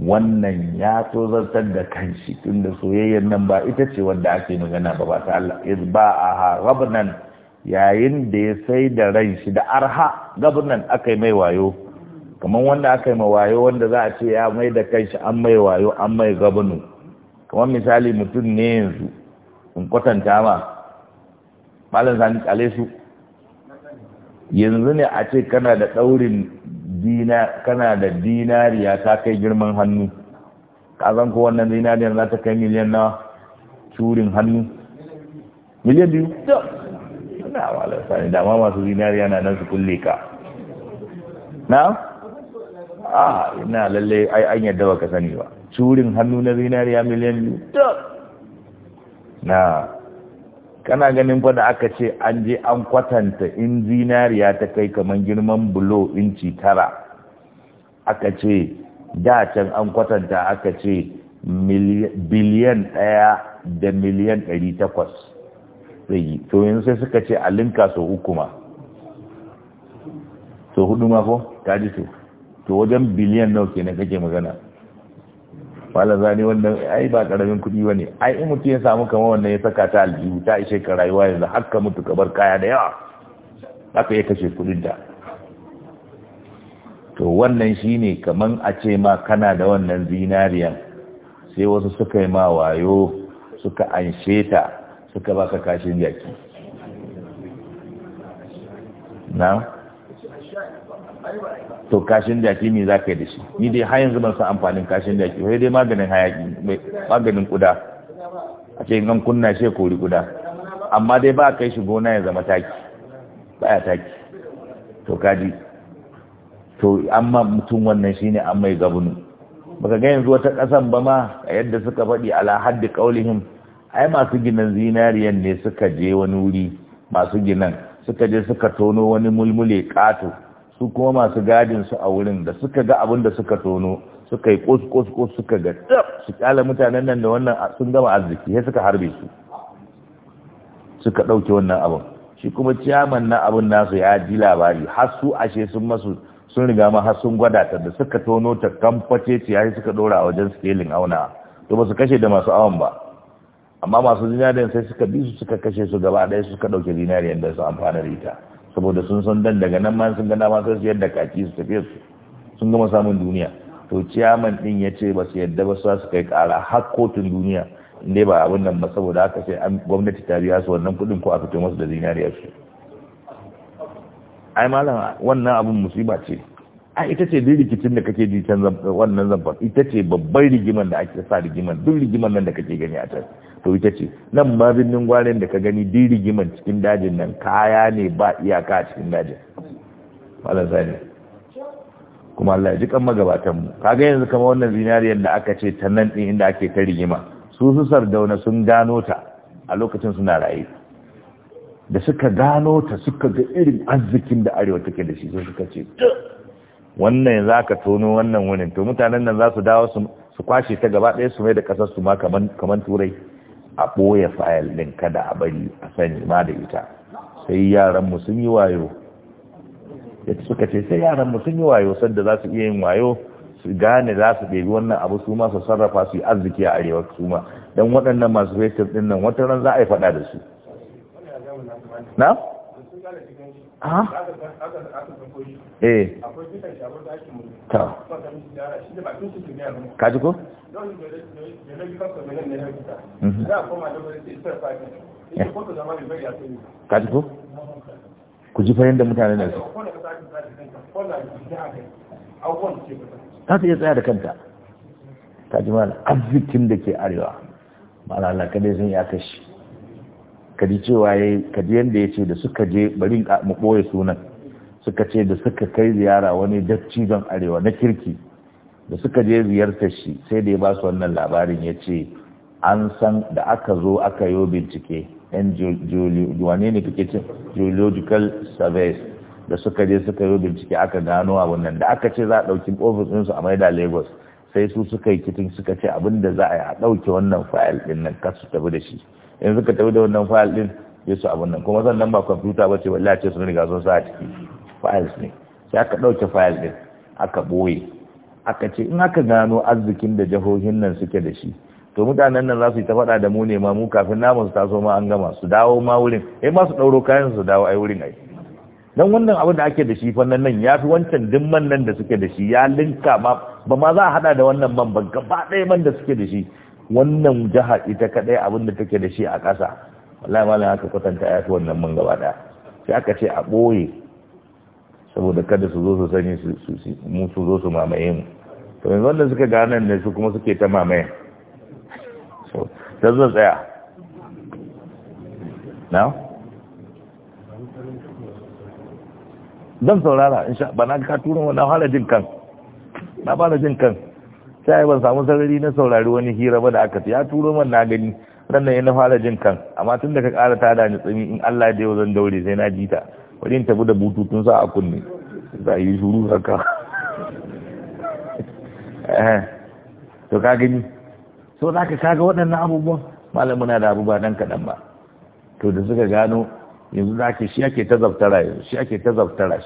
wannan ya zartar da kanshi tunda soyayyar nan ba ita ce wanda ake magana ba ba ta Allah iz ba'aha rabnan yayin da ya sai da rai shi da arha gabanin aka yi mai wayo kamar wanda aka yi wayo wanda za a ce ya mai da kai shi an mai wayo an mai gabanu kamar misali mutum ne yanzu in kwatanta ma malam sani kale su yanzu ne a ce kana da ɗaurin dina kana da dinariya ta kai girman hannu ka zan ko wannan dinariya za ta kai miliyan na curin hannu miliyan biyu na malar sani dama masu zinariya na nan su kulle ka na? ah ina lalle ai an yadda baka sani ba curin hannu na zinariya miliyan biyu na kana ganin fa da aka ce an je an kwatanta in zinariya ta kai kamar girman bulo inci tara aka ce da can an kwatanta aka ce biliyan ɗaya da miliyan ɗari takwas tsayi to yanzu sai suka ce a linka so uku ma so hudu ma ko ta ji su to wajen biliyan nawa kenan kake magana wala za ne wannan ai ba karamin kuɗi ba ne ai in mutum ya samu kama wannan ya saka ta aljihu ta ishe ka rayuwa yanzu haka mutu ka bar kaya da yawa haka ya kashe kudin da to wannan shi ne kaman a ce ma kana da wannan zinariyan sai wasu suka yi ma wayo suka anshe ta suka baka kashin yaki na to kashin jaki ne za ka yi da shi ni dai har yanzu ban san amfanin kashin jaki wai dai maganin hayaki maganin kuda a ce an kunna shi kori kuda amma dai ba kai shi gona ya zama taki baya taki to kaji to amma mutum wannan shine an mai gabunu baka ga yanzu wata kasan ba ma a yadda suka faɗi ala haddi kaulihim ai masu ginin zinariyan ne suka je wani wuri masu ginin suka je suka tono wani mulmule kato su kuma masu gadin su a wurin da suka ga abin da suka tono suka yi kosu-kosu suka ga tsab su kyala mutanen nan da wannan sun gama arziki sai suka harbe su suka ɗauke wannan abin shi kuma ciyaman na abin nasu ya ji labari har ashe sun masu sun riga ma har sun gwada ta da suka tono ta kamface ciyayi suka dora wajen scaling auna to ba su kashe da masu awon ba amma masu zinariyan sai suka bi su suka kashe su gaba ɗaya suka ɗauke zinariyan da su amfana da ita saboda sun san dan daga nan ma sun gana masu sai su yadda kaki su tafiye su sun gama samun duniya to ciyaman din ya ce ba su yadda ba su su kai ƙara har kotun duniya inda ba abin nan ba saboda haka sai an gwamnati ta biya su wannan kuɗin ko a fito masu da zinariya su ai malam wannan abin musiba ce a ita ce duk rikicin da kake ji can wannan zamfar ita ce babbar rigimar da ake sa rigimar duk rigimar nan da kake gani a can to ita ce nan ma birnin gwarin da ka gani dirigiman cikin dajin nan kaya ne ba iyaka a cikin dajin malam sani kuma Allah ji kan magabatan mu kaga yanzu kama wannan zinariyar da aka ce ta nan din inda ake ta rigima su su sardauna sun gano ta a lokacin suna raye da suka gano ta suka ga irin arzikin da arewa take da shi sai suka ce wannan za ka tono wannan wunin to mutanen nan za su dawo su kwashe ta gaba ɗaya su mai da ƙasar su ma kaman turai a ɓoye fayil ɗin kada a bari a sani ma da ita sai yaranmu sun yi wayo ya suka ce sai yaran yaranmu sun yi wayo sanda za su iya yin wayo su gane za su ɗebi wannan abu su ma su sarrafa su yi arziki a arewa su ma don waɗannan masu fetur ɗin nan wata ran za a yi faɗa da su na? a? eh ta kaji ko? ka ji ko ku ji da mutane da su ta tsaya da kanta ta ji mana arzikin da ke arewa mana Allah kadai sun ya kashi kaji cewa ya yadda ya ce da suka je bari mu ɓoye sunan suka ce da suka kai ziyara wani dattijon arewa na kirki da suka je ziyartar shi sai da ya ba su wannan labarin ya ce an san da aka zo aka yi bincike yan wane ne kake ce geological surveys da suka je suka yi bincike aka gano a wannan da aka ce za a ɗauki ofis ɗinsu a maida lagos sai su suka yi kitin suka ce abin da za a yi a ɗauke wannan fayil ɗin nan kar su tafi da shi in suka tafi da wannan fayil ɗin ya su abin nan kuma sannan ba kwamfuta ba ce wallahi ce sun riga sun sa a ciki fayils ne sai aka ɗauke fayil ɗin aka ɓoye aka ce in aka gano arzikin da jihohin nan suke da shi to mutanen nan za su yi ta faɗa da mu ne ma mu kafin namu su taso ma an gama su dawo ma wurin eh ma su ɗauro kayan su dawo ai wurin ai dan wannan abin da ake da shi fannan nan ya fi wancan dimman nan da suke da shi ya linka ma ba ma za a haɗa da wannan man ba gaba ɗaya man da suke da shi wannan jihar ita kaɗai abin da take da shi a ƙasa wallahi malam aka kwatanta ya wannan man gaba ɗaya sai aka ce a ɓoye saboda kada su zo su sani mu su zo su mamaye mu to yanzu wanda suka gane ne su kuma suke ta mamaye so sai zo tsaya na dan saurara insha ba na ka tura wannan hala jin kan na fara jin kan sai ban samu sarari na saurari wani hira ba da aka ya turo man na gani nan ne na fara jin kan amma tun da ka ƙara tada ni tsimi in Allah ya da yau zan daure sai na jita. wajen tafi da bututun za a kunne za a yi shuru haka eh. to ka gani so za ka kaga waɗannan abubuwan malamu na da abubuwa nan kaɗan ba to da suka gano yanzu za ka shi ake ta yanzu shi ake ta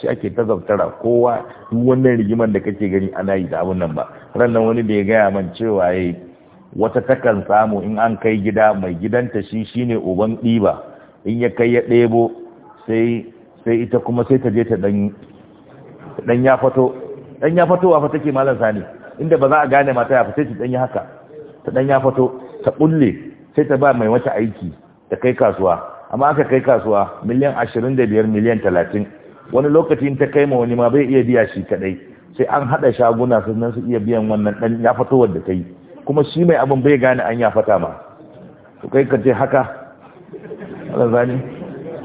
shi ake ta kowa duk wannan rigimar da kake gani ana yi da abun nan ba rannan wani da ya gaya man cewa ya wata takan samu in an kai gida mai gidanta shi shine uban ɗiba in ya kai ya ɗebo sai sai ita kuma sai ta je ta dan ya fato dan ya wa fa take malam sani inda ba za a gane mata ya fata ta dan ya haka ta dan ya fato ta bulle sai ta ba mai wata aiki ta kai kasuwa amma aka kai kasuwa miliyan 25 miliyan 30 wani lokacin ta kai ma wani ma bai iya biya shi kadai sai an hada shaguna sannan su iya biyan wannan dan ya fato wanda kai kuma shi mai abin bai gane an ya fata ma to kai ka ce haka Allah zani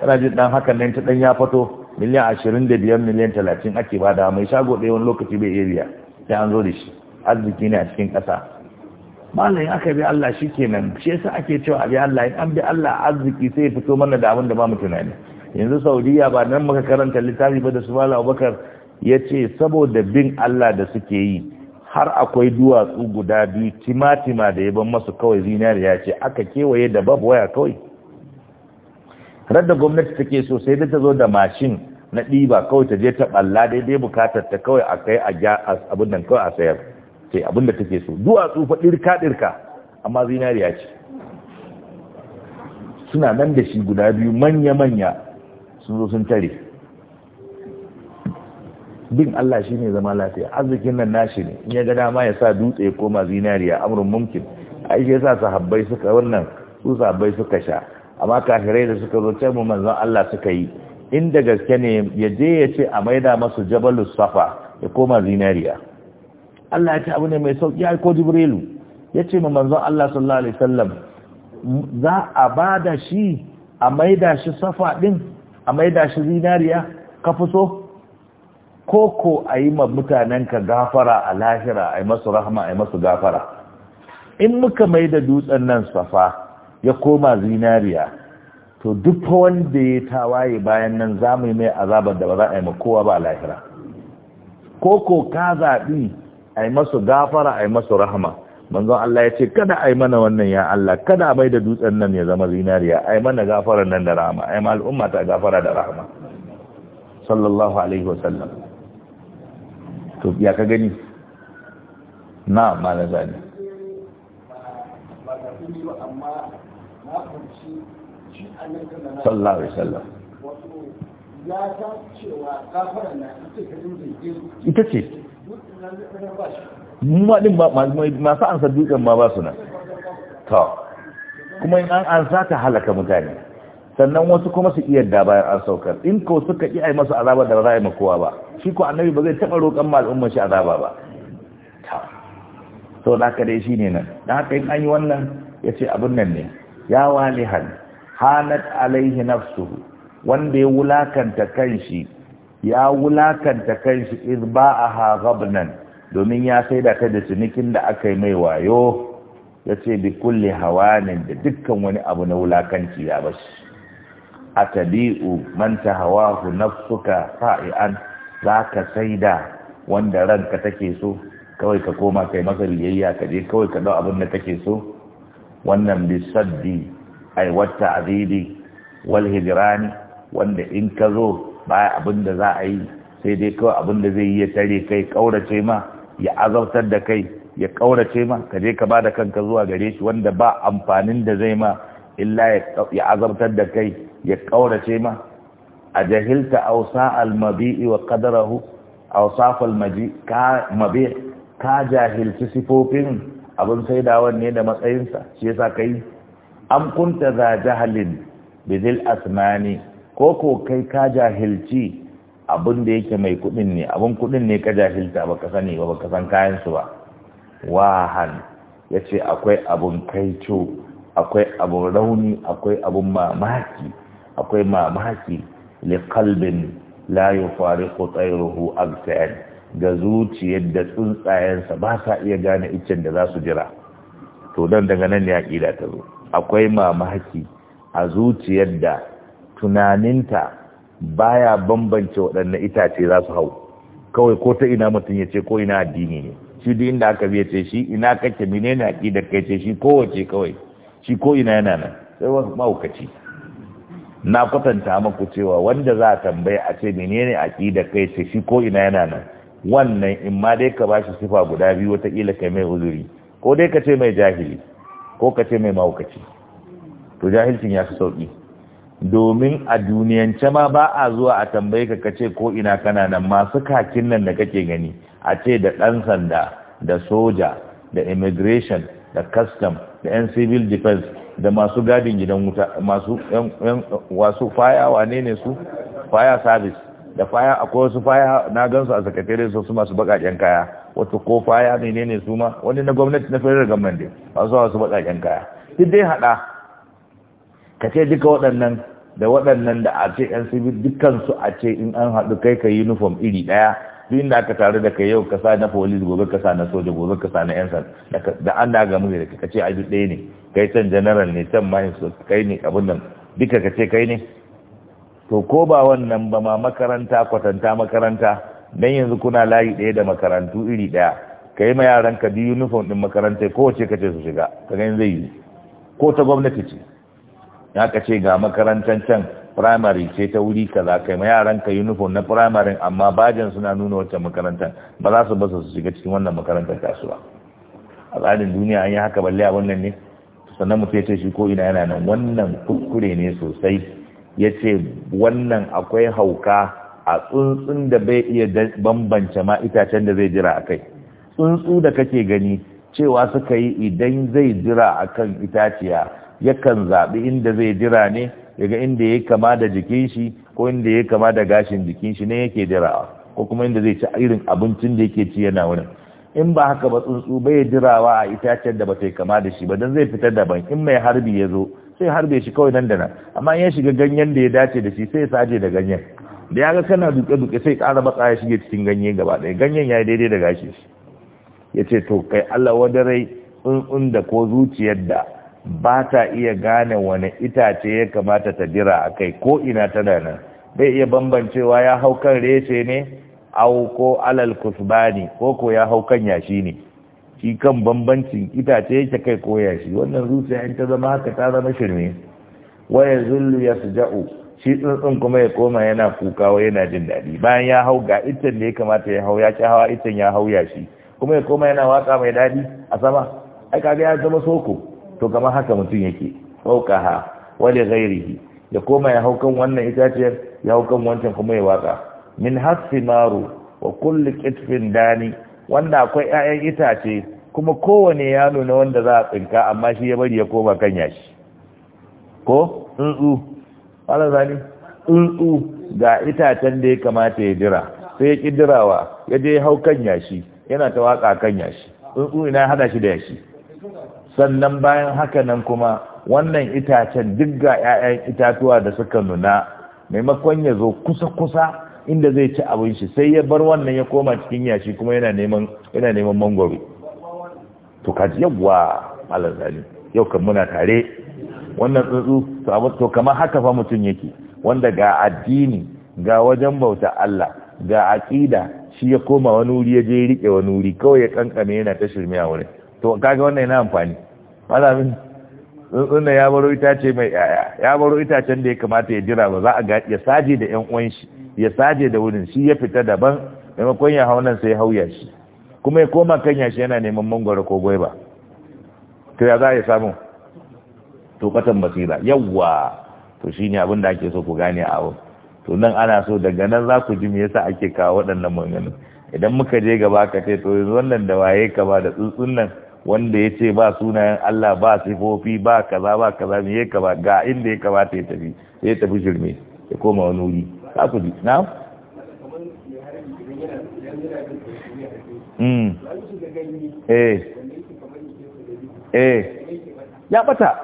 kana jin dan hakan nan ta dan ya fito miliyan ashirin da biyar miliyan talatin ake bada mai shago ɗaya wani lokaci bai iya biya sai an zo da shi arziki ne a cikin kasa malayin aka bi Allah shi kenan shi yasa ake cewa a bi Allah in an bi Allah arziki sai fito mana da abin da ba mu tunani yanzu Saudiya ba nan muka karanta littafi ba da su Malam Abubakar ya ce saboda bin Allah da suke yi har akwai duwatsu guda biyu timatima da ya masu kawai zinariya ce aka kewaye da babu waya kawai radda gwamnati take so sai da ta zo da mashin na ɗiba kawai ta je ta ɓalla daidai bukatar ta kawai a kai a ja abin da kawai a sayar ce abin da take so duwatsu fa ɗirka ɗirka amma zinariya ce suna nan da shi guda biyu manya-manya sun zo sun tare bin Allah shi ne zama lafiya arzikin nan nashi ne in ya ga dama ya sa dutse ya koma zinariya amurin mumkin ai ya sa sahabbai suka wannan su sahabbai suka sha amma kafirai da suka zo can mu manzon Allah suka yi inda gaske ne ya je ya ce a maida masu jabalus safa ya koma zinariya Allah ya ce abu ne mai sauki ai ko jibrilu ya ce ma manzon Allah sallallahu alaihi wasallam za a bada shi a maida shi safa din a maida shi zinariya ka fi so ko ko a yi ma ka gafara a lahira a yi masu rahma a yi masu gafara in muka maida dutsen nan safa ya koma zinariya to duk wanda ya waye bayan nan za mai azabar da ba za a yi kowa ba lahira ko ko ka zaɓi a yi masu gafara a yi masu rahama manzon Allah ya ce kada a yi mana wannan ya Allah kada mai da dutsen nan ya zama zinariya a yi mana gafara nan da rahama a yi gafara da rahama sallallahu alaihi wasallam to ya ka gani na malam zani sallallahu alaihi wasallam ita ce maɗin masu ansa dutsen ma ba su nan ta kuma in an ansa ta halaka mutane sannan wasu kuma su iya da bayan an saukar in ko suka iya yi masa azaba da ra'ayi kowa ba shi ko annabi ba zai taɓa roƙon ma al'ummar shi azaba ba To sau da haka dai shi ne nan da haka in an yi wannan yace ce nan ne ya hal hanat alaihi nafsuhu wanda ya wulakanta kanshi ya wulakanta kanshi iz ba'aha ghabnan domin ya saida ta da cinikin da aka yi mai wayo ya ce bi kulli hawanin da dukkan wani abu na wulakanci ya bashi a tabi'u man tahawahu nafsuka fa'ian za ka saida wanda ranka take so kawai ka koma kai masa biyayya ka je kawai ka dau abin da take so wannan bisaddi ai wata azidi wal hijrani wanda in ka zo ba abin da za a yi sai dai kawai abin da zai yi ya tare kai kaurace ma ya azabtar da kai ya kaurace ma ka je ka bada kanka zuwa gare shi wanda ba amfanin da zai ma illa ya azabtar da kai ya kaurace ma a jahilta ausa al wa qadarahu awsaf ka mabi' ka jahilci sifofin abin saidawan ne da matsayinsa shi yasa kai am kunta za jahalin bizil asmani ko ko kai ka jahilci abin da yake mai kudin ne abin kudin ne ka jahilta ba ka sani ba ba ka san kayan su ba wahan yace akwai abun kaico akwai abun rauni akwai abun mamaki akwai mamaki li qalbin la yufariqu tayruhu absan ga zuciyar da tsuntsayensa ba sa iya gane iccen da za su jira to don daga nan ne aƙida ta zo akwai mamaki a zuciyar da tunaninta baya bambance waɗannan itace za su hau kawai ko ta ina mutum ya ce ko ina addini ne shi duk inda aka biya ce shi ina kake menene aƙidar kai ce shi kowace kawai shi ko ina yana nan sai wasu mahaukaci na kwatanta maku cewa wanda za a tambaya a ce menene aƙidar kai ce shi ko ina yana nan wannan in ma dai ka bashi sifa guda biyu wataƙila kai mai uzuri ko dai ka ce mai jahili ko ka ce mai mawukaci, to jahilcin ya fi sauƙi domin a duniyance ma ba a zuwa a tambayi ka kace ko ina kana nan masu kakin nan da kake gani a ce da ɗan sanda da soja da immigration da custom da yan civil defense da masu gadin gidan wuta masu wasu faya wane ne su fire service da faya akwai wasu faya na gansu a sakatare su su masu bakaken kaya wato ko faya menene su ma wani na gwamnati na federal government ne masu wasu bakaken kaya duk dai hada ka ce duka waɗannan da waɗannan da a ce yan civil dukkan su a ce in an haɗu kai ka uniform iri ɗaya duk inda aka tare da kai yau ka sa na police gobe ka sa na soja gobe ka sa na yan sanda da an daga mu da ka ce a duk ɗaya ne kai can general ne can mahim kai ne abin nan duka ka ce kai ne to ko ba wannan ba ma makaranta kwatanta makaranta dan yanzu kuna layi ɗaya da makarantu iri ɗaya ka yi ma yaran ka biyu uniform ɗin makaranta kowace ka ce su shiga ka gani zai yi ko ta gwamnati ce ya ka ce ga makarantar can primary ce ta wuri kaza yi ma yaran ka uniform na primary amma bajin suna nuna wacce makarantar ba za su basu su shiga cikin wannan makarantar kasuwa a tsarin duniya an yi haka balle a wannan ne sannan mu ce shi ko ina yana nan wannan kuskure ne sosai ya ce wannan akwai hauka a tsuntsun da bai iya bambance ma itacen da zai jira a kai tsuntsu da kake gani cewa suka yi idan zai jira a kan itaciya yakan zaɓi inda zai jira ne daga inda ya kama da jikin shi ko inda ya kama da gashin jikin shi ne yake jirawa ko kuma inda zai ci irin abincin da yake ci yana wurin in ba haka ba tsuntsu bai jirawa a itacen da ba ta kama da shi ba don zai fitar daban in mai harbi ya zo sai harbe shi kawai nan da nan amma in ya shiga ganyen da ya dace da shi sai ya saje da ganyen da ya ga kana duke-duke sai kara matsa ya shige cikin ganye gaba ɗaya ganyen ya yi daidai da gashi ya ce to kai Allah rai tsuntsun da ko zuciyar da ba ta iya gane wani itace ya kamata ta jira a kai ko ina tana nan bai iya bambancewa ya hau kan rese ne au ko alal kusbani ko ko ya hau kan yashi ne shi kan bambancin itace yake kai koya shi wannan zuciya in ta zama haka ta zama shirme waya zullu ya suja'u shi tsuntsun kuma ya koma yana kuka wa yana jin daɗi bayan ya hau ga itan da ya kamata ya hau ya ci hawa itan ya hau ya shi kuma ya koma yana waka mai daɗi a sama ai kaga ya zama soko to kamar haka mutum yake fauqaha ha li ghairihi ya koma ya hau kan wannan itaciyar ya hau kan wancan kuma ya waka min hasfi maru wa kulli kitfin dani Wanda akwai 'ya'yan itace kuma kowane ya nuna wanda za a tsinka amma shi ya bari ya koma kan yashi ko tsuntsu ala zani tsuntsu ga itacen da ya kamata ya jira sai ya kidirawa ya je hau kan yashi yana ta waka kan yashi tsuntsu ina hada shi da yashi sannan bayan haka nan kuma wannan itacen duk ga 'ya'yan itatuwa da suka nuna maimakon ya zo kusa-kusa inda zai ci abin shi sai ya bar wannan ya koma cikin yashi kuma yana neman yana neman mangwaro to kaji yawwa malar zali yau kan muna tare wannan tsuntsu to kamar haka fa mutum yake wanda ga addini ga wajen bauta Allah ga aqida shi ya koma wani wuri ya je rike wani wuri kawai ya kankame yana ta shirme a wurin to kaga wannan yana amfani malamin tsuntsun da ya baro itace mai yaya ya baro itacen da ya kamata ya jira ba za a ga ya saje da yan uwan shi ya saje da wurin shi ya fita daban maimakon ya hau nan sai hauya shi kuma ya koma kan yashi yana neman mangwaro ko gwaiba to ya za a yi samu tokatan basira yawwa to shi ne abin ake so ku gane a wani to nan ana so daga nan za ku ji me yasa ake kawo waɗannan maganganu idan muka je gaba ka ce to yanzu wannan da waye ka ba da tsuntsun nan wanda ya ce ba sunayen Allah ba sifofi ba kaza ba kaza me ya kaba ga inda ya kamata ya tafi sai ya tafi shirme ya koma wani wuri za ku ji na Mm. Eh. Eh. ya bata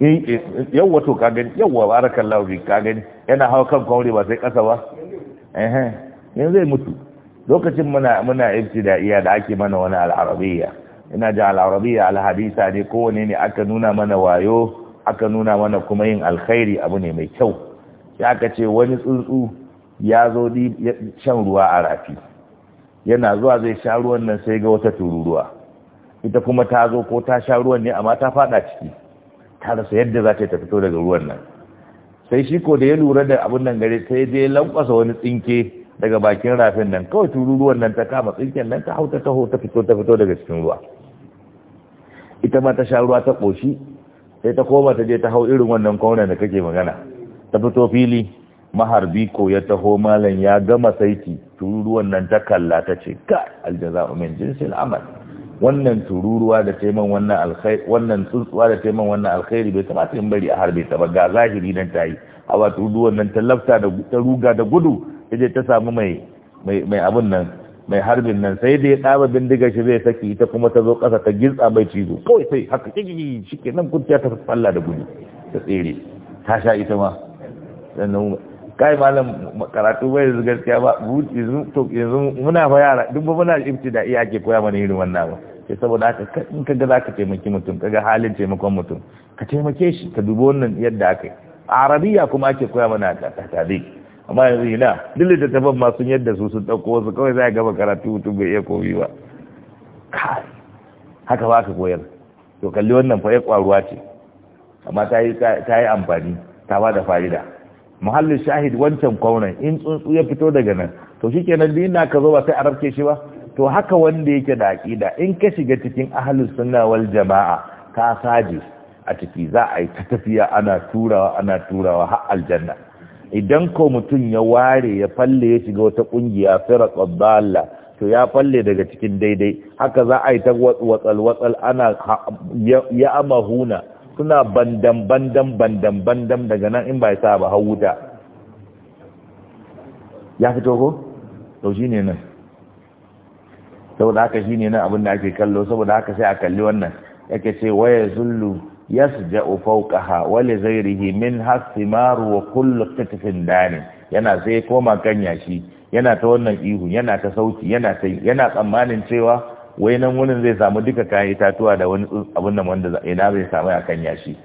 eh, yawwa to kagani yawwa barakan lauri kagani yana hau kan kwauri ba sai kasa ba yanzu zai mutu lokacin muna muna ibtidaiya da ake mana wani al'arabiya ina ji al'arabiya alhadisa ne kowane ne aka nuna mana wayo aka nuna mana kuma yin alkhairi abu ne mai kyau Ya aka ce wani tsuntsu ya zo shan ruwa a rafi yana zuwa zai sha ruwan nan sai ga wata tururuwa ita kuma ta zo ko ta sha ruwan ne amma ta fada ciki ta rasa yadda za ta yi fito daga ruwan nan sai shi ko da ya lura da abin nan gare sai dai lankwasa wani tsinke daga bakin rafin nan kawai tururuwan nan ta kama tsinken nan ta hauta ta taho ta fito ta fito daga cikin ruwa ita ma ta sha ruwa ta koshi sai ta koma ta je ta hau irin wannan kwanan da kake magana ta fito fili maharbi ko ya taho malam ya gama saiti tururuwan nan ta kalla ta ce ka aljaza'u min jinsil amal wannan tururuwa da taiman wannan alkhairi wannan tsuntsuwa da taiman wannan alkhairi bai kamata in bari a harbe ta ba ga zahiri nan ta yi awa tururuwan nan ta lafta da ta ruga da gudu ta ta samu mai mai abun nan mai harbin nan sai da ya ɗaba bindiga shi zai saki ita kuma ta zo ƙasa ta gitsa mai cizo kawai sai haka kiki shi ke nan kunciya ta falla da gudu ta tsere ta sha ita ma kai malam karatu bai yanzu gaskiya ba yanzu to yanzu muna fa yara duk ba muna da iya ake koya mana irin wannan ba sai saboda haka in kaga zaka taimaki mutum kaga halin taimakon mutum ka taimake shi ka dubi wannan yadda aka yi arabiya kuma ake koya mana ta tabi amma yanzu ina duk littattafan ma sun yadda su sun dauko wasu kawai za gaba karatu mutum bai iya komi ba kai haka ba ka koyar to kalli wannan fa ya kwaruwa ce amma ta yi amfani ta ba da fa'ida muhallin shahid wancan kwaunan in tsuntsu ya fito daga nan to shi kenan din na ka zo ba sai a rafke shi ba to haka wanda yake da aƙida in ka shiga cikin ahlus sunna wal jamaa ka saji a ciki za a yi ta tafiya ana turawa ana turawa har aljanna idan ko mutum ya ware ya falle ya shiga wata kungiya firaq dalla to ya falle daga cikin daidai haka za a yi ta watsal watsal ana ya amahuna suna bandan bandan bandan bandan daga nan in ba ya sa ba hau wuta ya fito ko to ne nan saboda haka shi ne nan abin da ake kallo saboda haka sai a kalli wannan yake ce waya zullu yasja'u kaha wale zai ghayrihi min maru wa kullu qatfin dani yana sai koma kan yashi yana ta wannan ihu yana ta sauti yana tsammanin cewa wai nan wurin zai samu duka kayan itatuwa da wani abin nan wanda ina zai samu a kan yashi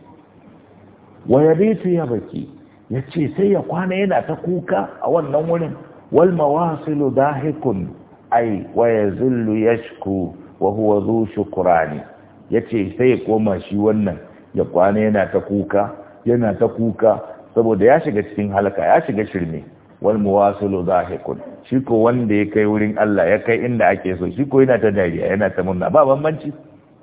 wa yabitu ya baki ya ce sai ya kwana yana ta kuka a wannan wurin wal mawasilu dahikun ai wa yazillu yashku wa huwa zu shukrani ce sai ya koma shi wannan ya kwana yana ta kuka yana ta kuka saboda ya shiga cikin halaka ya shiga shirme wal muwasilu zahikun shi ko wanda ya kai wurin Allah ya kai inda ake so shi ko yana ta dariya yana ta murna ba bambanci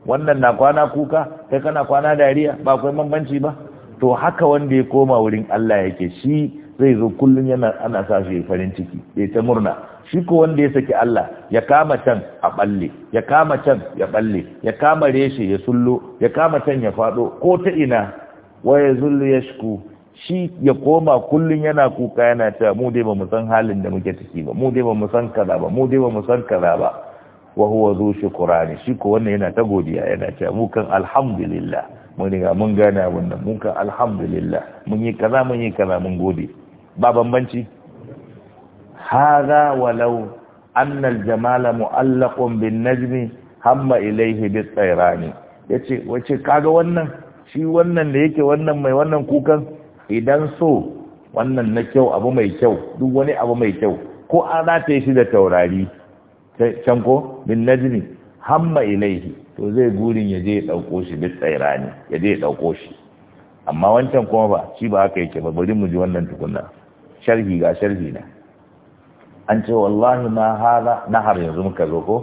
wannan na kwana kuka kai kana kwana dariya ba kai bambanci ba to haka wanda ya koma wurin Allah yake shi zai zo kullum yana ana sa shi farin ciki ya ta murna shi ko wanda ya saki Allah ya kama can a balle ya kama can ya balle ya kama reshe ya sullo ya kama can ya fado ko ta ina wa yazullu yashku shi ya koma kullun yana kuka yana cewa mu dai ba mu san halin da muke ciki ba mu dai ba mu san kaza ba mu dai ba mu san kaza ba wa huwa zu shukrani shi ko wannan yana ta godiya yana cewa mu kan alhamdulillah mun riga mun gane wannan mun kan alhamdulillah mun yi kaza mun yi kaza mun gode ba bambanci hada walau anna aljamal jamala mu'allaqun bin najmi hamma ilayhi bis sayrani yace wace kaga wannan shi wannan da yake wannan mai wannan kukan idan so wannan na kyau abu mai kyau duk wani abu mai kyau ko an rataye shi da taurari can ko min najmi hamma ilaihi to zai gurin ya je ya dauko shi bi tsairani ya je dauko shi amma wancan kuma ba shi ba haka yake ba bari mu ji wannan tukunna sharhi ga sharhi na an ce wallahi ma hada nahar yanzu muka zo ko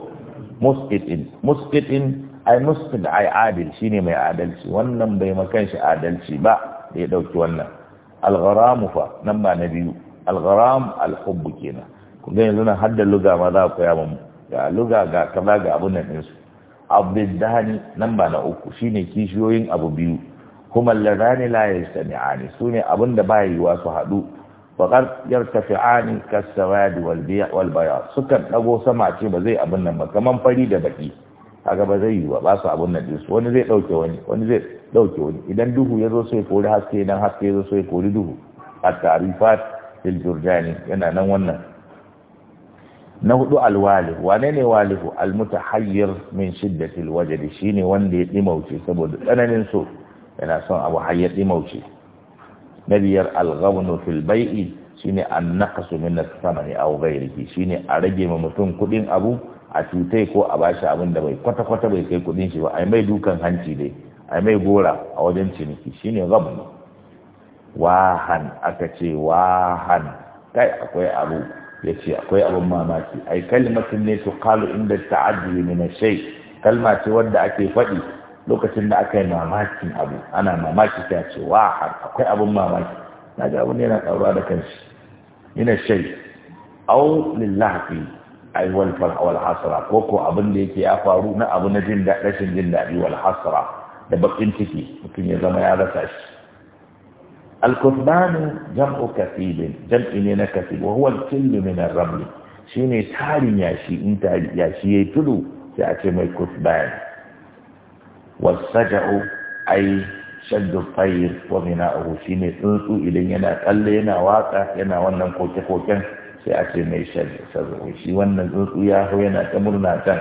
musqitin musqitin ai musqit ai adil shine mai adalci wannan bai makan shi adalci ba da ya dauki wannan algharamu fa nan ba na biyu algharam alhubbu kenan Ku ga yanzu nan hadda luga ma za ku koya ga luga ga kaza ga abun nan din su abdidani nan ba na uku shine kishiyoyin abu biyu kuma ladani la yastami'ani sune abun da ba yiwa su hadu faqad yartafi'ani kas-sawad wal wal bayad sukan dago sama ce ba zai abun nan ba kaman fari da baki kaga ba zai yiwu ba su abun nan wani zai dauke wani wani zai dauke wani idan duhu ya zo sai kori haske idan haske ya zo sai kori duhu a tarifat fil jurjani yana nan wannan na hudu alwalif wane ne walifu almutahayyir min shiddatil wajdi shine wanda ya dimauce saboda tsananin so yana son abu har ya dimauce na biyar alghabnu fil bai'i shine an naqsu min as-samani aw ghayrihi shine a rage ma mutum kudin abu a cutai ko a bashi abin da bai kwata-kwata bai kai kudin shi ba a mai dukan hanci dai a mai gora a wajen ciniki shine gabni wahan aka ce wahan kai akwai abu ya ce akwai abin mamaki ai kalmatin ne su kalu inda ta'addi min shai. kalma ce wadda ake faɗi lokacin da aka yi mamakin abu ana mamaki ta ce wahan akwai abin mamaki na ga abin yana ƙaura da kanshi min shai. au lillahi ai wal hasra ko ko abin da yake ya faru na abu na jin daɗi rashin jin daɗi wal hasra da bakin ciki mutum ya zama ya rasa shi al jam'u kasibin jam'i ne na kasib wa huwa al killu min ar rabl shine tarin yashi in tarin yashi yayi tudu sai a ce mai kutban was saja'u ai shaddu tayr wa mina'uhu shine tsuntsu idan yana tsalle yana waka yana wannan koke-koken sai a ce mai shi wannan tsuntsu ya hau yana ta murna can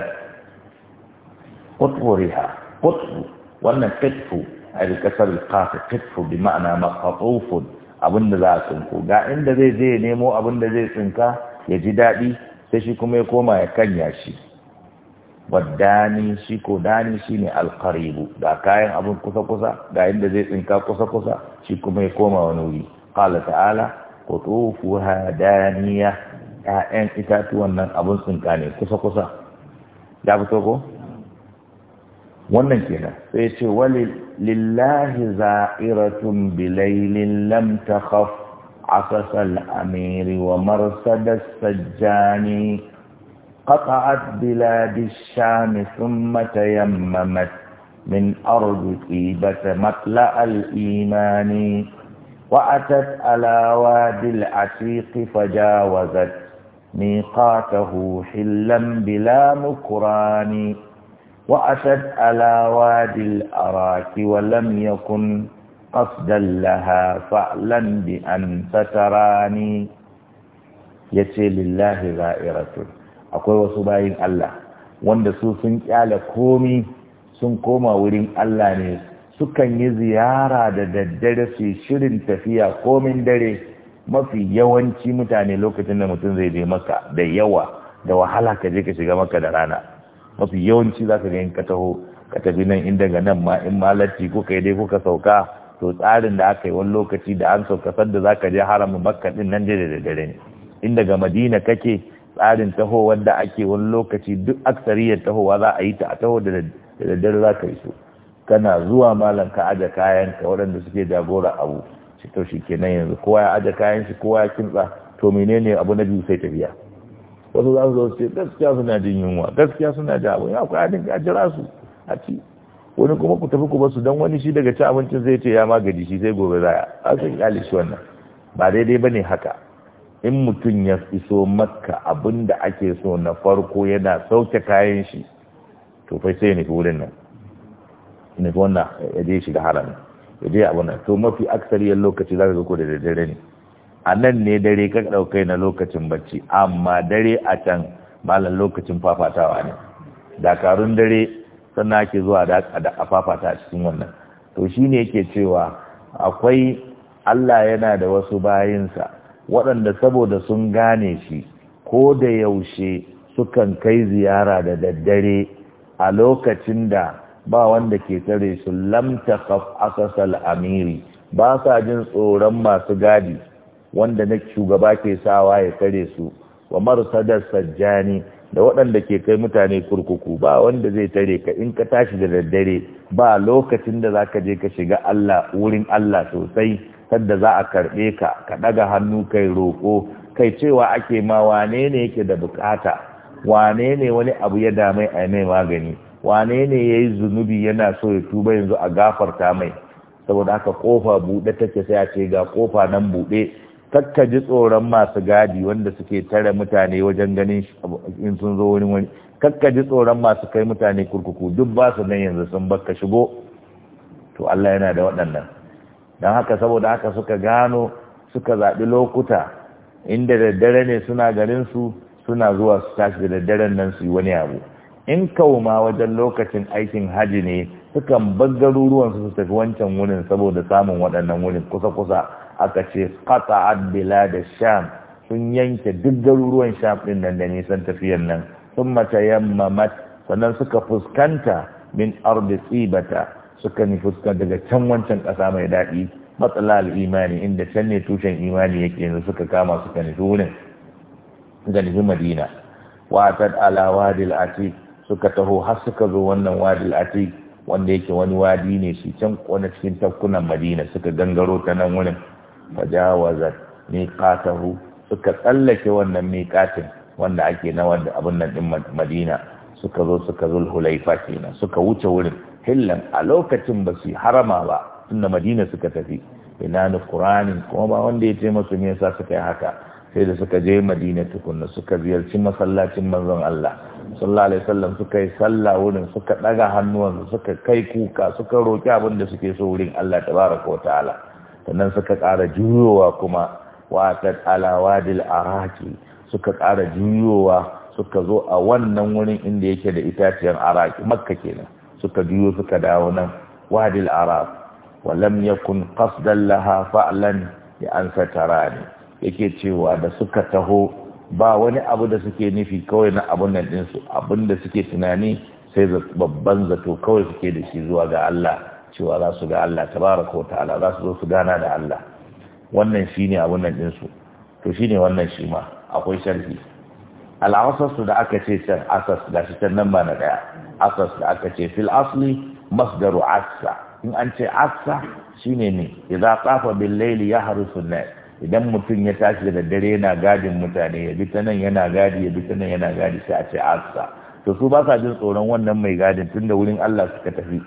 qutbu riha qutbu wannan qutbu a kasar kafa qutbu bi ma'ana maqatufun abinda za a tsinko ga inda zai je nemo abinda zai tsinka ya ji daɗi sai shi kuma ya koma ya kanya shi waddani shi ko dani shi ne alkaribu ga kayan abin kusa-kusa ga inda zai tsinka kusa-kusa shi kuma ya koma wani wuri ƙala ta'ala qutufuha daniya ƴaƴan itatuwan nan abun tsinka ne kusa kusa ya fito ko wannan kenan sai ya ce wali lillahi za'iratun bilailin lam takhaf asasal amiri wa marsadas sajjani قطعت بلاد yamma, ثم تيممت من أرض طيبة مطلع الإيمان وأتت على وادي العتيق فجاوزت ميقاته حلا بلا مكران وأتت على وادي الأراك ولم يكن قصدا لها فعلا بأن ستراني yace lillahi za'iratu akwai wasu bayin Allah wanda su sun kyale komi sun koma wurin Allah ne sukan yi ziyara da daddare su shirin tafiya komin dare mafi yawanci mutane lokacin da mutum zai je maka da yawa da wahala ka je ka shiga maka da rana mafi yawanci za ka yin ka taho ka tafi nan inda ga nan ma in malarci ko kai dai ka sauka to tsarin da aka yi wani lokaci da an sauka sadda za ka je haramun makka din nan dai da dare ne in daga madina kake tsarin taho wanda ake wani lokaci duk aksariyar tahowa za a yi ta a taho da daddare za ka yi so kana zuwa malam ka aje kayan ka waɗanda suke jagora abu shi to shi kenan yanzu kowa ya aje kayan shi kowa ya kintsa to menene abu na biyu sai tafiya wasu za su zo ce gaskiya suna jin yunwa gaskiya suna da abu ya kuwa adin ka jira su a ci wani kuma ku tafi ku basu don wani shi daga ci abincin zai ce ya magaji shi sai gobe zaya a su kyale shi wannan ba daidai bane haka in mutum ya iso makka abin da ake so na farko yana sauke kayan shi to fa sai nufi wurin nan ne wannan ya je shiga haramin ya je abu to mafi aksariyar lokaci za ka ga ko da dare ne a nan ne dare ka ɗaukai na lokacin bacci amma dare a can malar lokacin fafatawa ne dakarun dare sannan ake zuwa da a fafata a cikin wannan to shi ne yake cewa akwai Allah yana da wasu bayinsa waɗanda saboda sun gane shi ko da yaushe sukan kai ziyara da daddare a lokacin da ba wanda ke tsare su lamta takhaf asasal amiri ba sa jin tsoron masu gadi wanda na shugaba ke sawa ya tare su wa marsadar sajjani da waɗanda ke kai mutane kurkuku ba wanda zai tare ka in ka tashi da daddare ba lokacin da za ka je ka shiga Allah wurin Allah sosai sadda za a karɓe ka ka ɗaga hannu kai roƙo kai cewa ake ma wane ne yake da bukata wane ne wani abu ya damai a mai magani wane ne ya yi zunubi yana so ya tuba yanzu a gafarta mai saboda haka kofa buɗe take sai a ce ga kofa nan buɗe takka ji tsoron masu gadi wanda suke tare mutane wajen ganin in sun zo wani wani kakka ji tsoron masu kai mutane kurkuku duk ba su nan yanzu sun baka shigo to Allah yana da waɗannan don haka saboda haka suka gano suka zaɓi lokuta inda daddare ne suna su suna zuwa su tashi da daddaren nan su yi wani abu in kauma wajen lokacin aikin haji ne sukan bar garuruwan su tafi wancan wurin saboda samun waɗannan wurin kusa-kusa aka ce qata'at da sham sun yanke duk garuruwan sham din nan da nisan tafiyar nan sun mata mat sannan suka fuskanta min ardi tsibata suka ni fuska daga can wancan ƙasa mai daɗi matsala imani inda can ne tushen imani yake yanzu suka kama suka nufi wurin ga nufi madina wa tad ala wadil atik suka taho har suka zo wannan wadi ati, wanda yake wani wadi ne shi can wani cikin tafkunan madina suka gangaro ta nan wurin fajawazat miqatahu suka tsallake wannan miqatin wanda ake na wanda abin nan din madina suka zo suka zo hulaifa kenan suka wuce wurin hillan a lokacin ba su harama ba tunda madina suka tafi ina ni qur'anin kuma ba wanda ya ce musu me yasa suka yi haka sai da suka je madina tukunna suka ziyarci masallacin manzon Allah sallallahu alaihi wasallam suka yi sallah wurin suka daga hannuwansu suka kai kuka suka roki abin da suke so wurin Allah tabaraka wa ta'ala sannan suka ƙara juyowa kuma wa ta ala wadil araki suka ƙara juyowa suka zo a wannan wurin inda yake da itaciyar araki makka kenan suka juyo suka dawo nan wadil araf wa lam yakun qasdan laha fa'lan ya an satarani yake cewa da suka taho ba wani abu da suke nufi kawai na abun nan abun da suke tunani sai babban zato kawai suke da shi zuwa ga Allah cewa za su ga Allah tabaraka ta'ala za su zo su gana da Allah wannan shine abun nan ɗinsu to shine wannan shi ma akwai sharhi al-asas da aka ce can asas da shi can nan ba na daya asas da aka ce fil asli masdaru assa in an ce assa shine ne idza qafa bil layli yahrusu nas idan mutum ya tashi da daddare yana gadin mutane ya bi ta nan yana gadi ya bi ta nan yana gadi sai a ce asa to su ba sa jin tsoron wannan mai gadin tunda wurin Allah suka tafi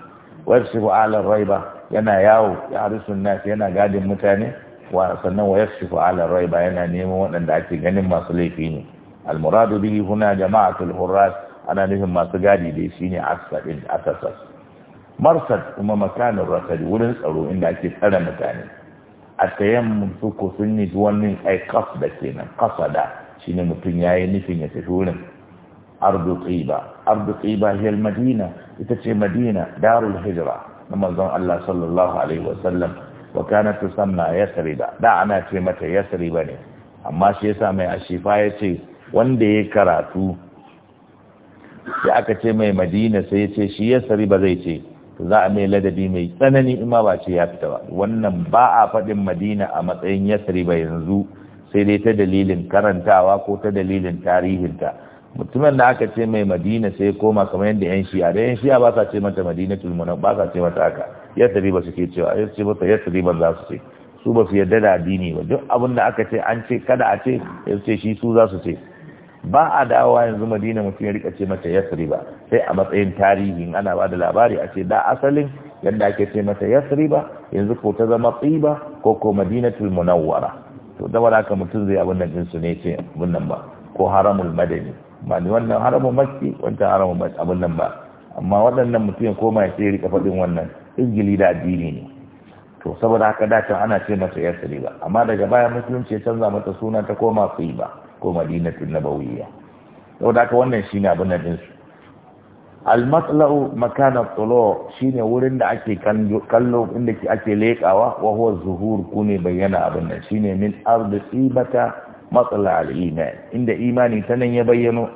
Wayar shi alar raiba yana yawo ya harisun nasi yana gadin mutane wa sannan wa shi ala raiba yana neman waɗanda ake ganin masu laifi ne almuradu bihi huna jama'atul hurras ana nufin masu gadi dai shine din asasas marsad kuma makanin rasadi wurin tsaro inda ake tsare mutane at-tayammum sun yi wannan ai qasda da shi shine mutum yayi nufin ya tafi wurin ardu tsiba ardu tsiba hiyar madina ita ce madina darul hijira na manzon Allah sallallahu alaihi wasallam wa ya tusanna yasriba da ana ce mata yasriba ne amma shi yasa mai ashifa yace wanda ya karatu sai aka ce mai madina sai ya ce shi yasriba zai ce to za a mai ladabi mai tsanani in ma ba ce ya fita ba wannan ba a faɗin madina a matsayin yasri ba yanzu sai dai ta dalilin karantawa ko ta dalilin tarihinta mutumin da aka ce mai madina sai ya koma kamar yadda yan a da yan a ba sa ce mata madina tulmunan ba sa ce mata haka yasri ba su ke cewa ya ce mata yasri ba za su ce su ba su yarda da addini ba duk abin da aka ce an ce kada a ce ya ce shi su za su ce ba a dawowa yanzu madina mutum ya rika ce mata yasriba sai a matsayin tarihin ana ba da labari a ce da asalin yadda ake ce mata yasriba yanzu ko ta zama tsiba ko ko madinatul munawwara to da wala ka mutum zai abin nan din su ne ce abin nan ba ko haramul madani ba ni wannan haramun makki wancan haramun abin nan ba amma waɗannan mutum ya koma ya ce rika faɗin wannan ingili da addini ne to saboda haka dacin ana ce mata yasriba amma daga baya musulunci ya canza mata suna ta koma tsiba ko madinatu nabawiyya da haka wannan shine abin nan din su al-matlau shine wurin da ake kallo inda ake lekawa wa huwa zuhur kune bayyana abin nan shine min ardi ibata matla al-iman inda imani ta nan ya bayyano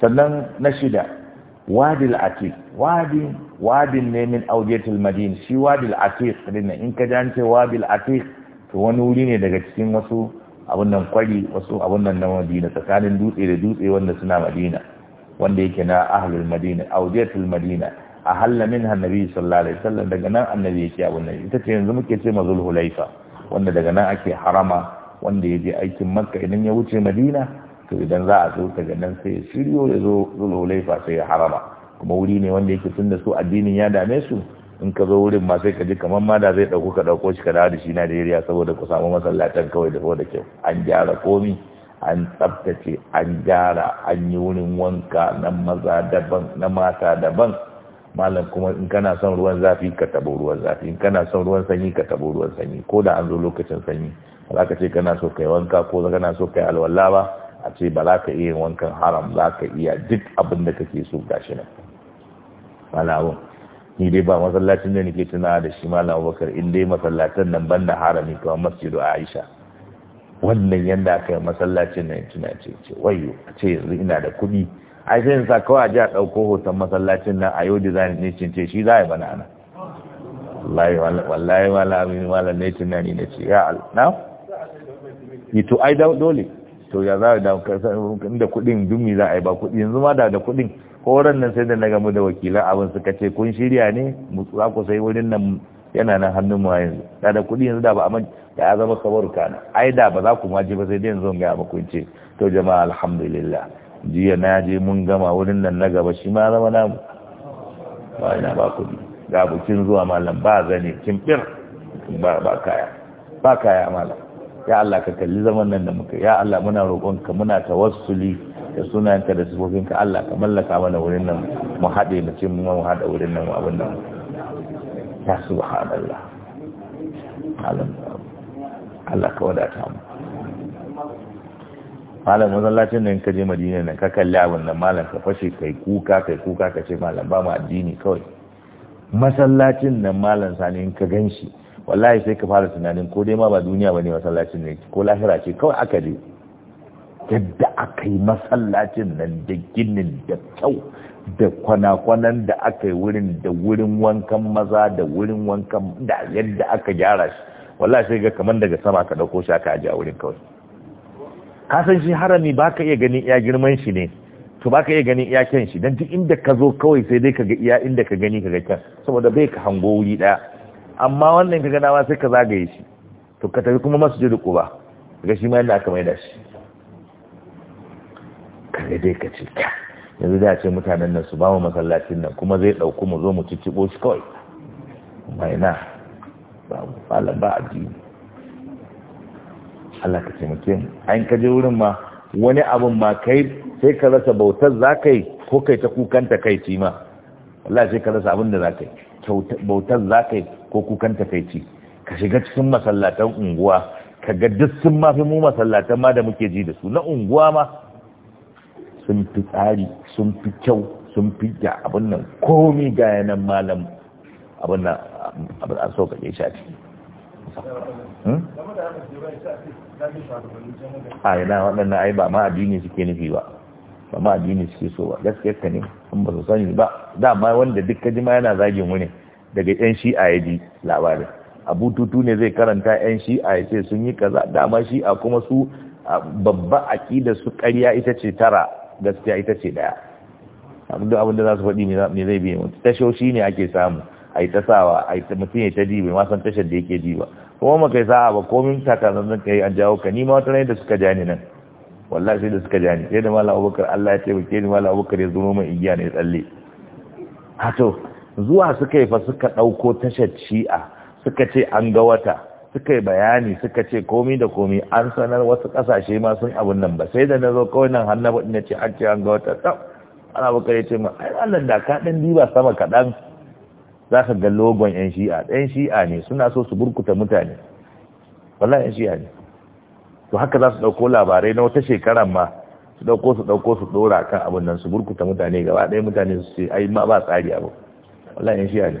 sannan na shida wadil atiq wadi wadin ne min awjatil madin shi wadil atiq din in ka jance wadil atiq to wani wuri ne daga cikin wasu abun nan kwari wasu abun nan na madina tsakanin dutse da dutse wanda suna madina wanda yake na ahlul madina audiyatul madina a halamin minha annabi sallallahu alaihi wasallam daga nan annabi yake abun nan ita ce yanzu muke ce mazul hulaifa wanda daga nan ake harama wanda ya je aikin makka idan ya wuce madina to idan za a zo daga nan sai ya shiryo ya zo zulhulaifa sai ya harama kuma wuri ne wanda yake tunda su addinin ya dame su in ka zo wurin ma sai ka ji kamar ma da zai dauko ka ɗauko shi ka dawo da shi Najeriya saboda ku samu masallatan kawai da da kyau an gyara komi an tsaftace an gyara an yi wurin wanka na maza daban na mata daban malam kuma in kana son ruwan zafi ka tabo ruwan zafi in kana son ruwan sanyi ka tabo ruwan sanyi ko da an zo lokacin sanyi za ka ce kana so kai wanka ko kana so kai alwala ba a ce ba za ka iya wankan haram za ka iya duk abin da kake so gashi nan malawun ni dai ba masallacin da nake tuna da shi malam abubakar in dai masallatan nan banda harami to masjidu aisha wannan yanda aka yi masallacin nan tuna ce ce wayo a ce yanzu ina da kuɗi ai sai sa kawai ji a ɗauko hoton masallacin nan a yau design ne cince shi za a yi bana ana wallahi malamin malam ne ni na ce ya na yi to ai dole to ya za a da inda kuɗin dumi za a yi ba kuɗi yanzu ma da da kuɗin horon nan sai da na gamu da wakilan abin suka ce kun shirya ne za ku sai wurin nan yana nan hannun mu yanzu da da kuɗi yanzu da ba amma da ya zama kabar kana ai da ba za ku ma ji ba sai dai yanzu ga muku ce to jama'a alhamdulillah jiya na je mun gama wurin nan na gaba shi ma zama namu ba ina ba kuɗi ga bukin zuwa malam ba zane bir ba ba kaya ba kaya malam ya Allah ka kalli zaman nan da muka ya Allah muna roƙonka muna tawassuli da yanka da ka, Allah ka mallaka mana wurin nan mu haɗe mu ce mu mu haɗa wurin nan abin nan ya subhanallah alam Allah ka wadata mu malam masallacin nan ka je Madina nan ka kalli abin nan malam ka fashe kai kuka kai kuka ka ce malam ba mu addini kawai masallacin nan malam sani in ka ganshi wallahi sai ka fara tunanin ko dai ma ba duniya bane masallacin ne ko lahira ce kawai aka je yadda aka yi masallacin nan da ginin da kyau da kwanakwanan kwanan da aka yi wurin da wurin wankan maza da wurin wankan da yadda aka gyara shi wallah sai ga kamar daga sama ka dauko shi aka aje a wurin kawai ka san shi harami ba ka iya ganin iya girman shi ne to ba ka iya ganin iya kyan shi don duk inda ka zo kawai sai dai ka ga iya inda ka gani ka ga kyan saboda bai ka hango wuri daya amma wannan ka gana ma sai ka zagaye shi to ka tafi kuma masu masjidu ba. ga shi ma yadda aka maida shi kaga dai ka ce yanzu da ce mutanen nan su ba mu masallacin nan kuma zai dauku mu zo mu cicibo shi kawai mai na ba mu fala ba a ji Allah ka taimake mu an ka je wurin ma wani abun ma kai sai ka rasa bautar za ka yi ko kai ta ta kai ci ma Allah sai ka rasa abin da za ka yi bautar za ka yi ko kukanta kai ci ka shiga cikin masallatan unguwa ka ga duk sun mafi mu masallatan ma da muke ji da su na unguwa ma sun fi tsari sun fi kyau sun fi ga abin nan komi ga yanan malam abin nan abin an sauka ke shafi a yana hmm? waɗannan ai ba ma addini suke nufi ba ba ma addini suke so ba gaske ka ne in ba su sani ba dama wanda duk ka jima yana zagin wani daga yan shi a yaji labarin abu tutu ne zai karanta yan shi a yace sun yi kaza dama a kuma su babba aƙida su ƙarya ita ce tara gaskiya ita ce daya duk abinda za su faɗi me zai biye mutu tashoshi ne ake samu a yi ta sawa a yi mutum ya ta ji bai masan tashar da yake ji ba kuma ma kai sa'a ba komin takasannin ka yi an jawo ka nima wata da suka ja ni nan wallahi sai da suka ja ni sai da malam abubakar allah ya taimake ni malam abubakar ya zuma mai igiya ne tsalle hato zuwa suka yi fa suka ɗauko tashar shi'a suka ce an ga wata suka yi bayani suka ce komi da komi an sanar wasu kasashe ma sun abun nan ba sai da na zo kawai nan hannu na ce an ce an ga wata tsam ana bukari ce ma ai Allah da ka dan diba sama kaɗan za ka ga logon yan shi'a yan shi'a ne suna so su burkuta mutane wallahi yan shi'a ne to haka za su ɗauko labarai na wata shekaran ma su ɗauko su ɗauko su ɗora kan abin nan su burkuta mutane gaba ɗaya mutane su ce ai ma ba tsari abu wallahi yan shi'a ne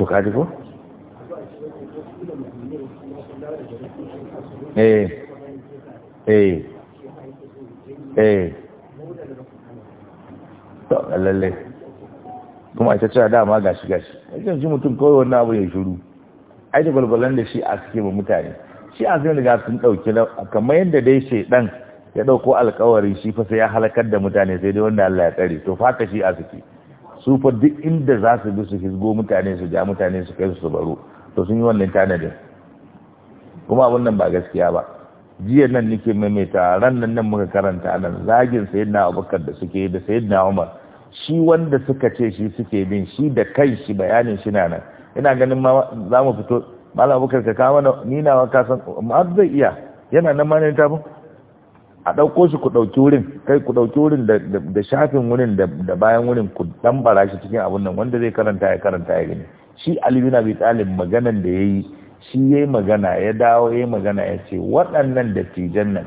to kaji ko eh eh eh to lalle kuma ita cewa dama gashi gashi yanzu mutum kawai wani abu ya shuru ai da balbalan da shi a suke ba mutane shi a zai riga sun ɗauki kamar yadda dai sai shaidan ya dauko alkawarin shi fa sai ya halakar da mutane sai dai wanda Allah ya tsare to fa fata shi a suke su fa duk inda za su bi su hizgo mutane su ja mutane su kai su baro to sun yi wannan tanadin kuma abin nan ba gaskiya ba jiya nan nake maimaita ran nan nan muka karanta nan zagin sayyidina abubakar da suke da sayyidina umar shi wanda suka ce shi suke bin shi da kai shi bayanin shi na nan ina ganin ma za mu fito malam abubakar ka kawo mana ni na ka san ma zai iya yana nan ma ne ta a ɗauko shi ku ɗauki wurin kai ku ɗauki wurin da shafin wurin da bayan wurin ku ɗambara shi cikin abun nan wanda zai karanta ya karanta ya gani shi aliyu na bi talib maganan da ya yi shi ya yi magana ya dawo ya yi magana ya ce waɗannan da dattijan nan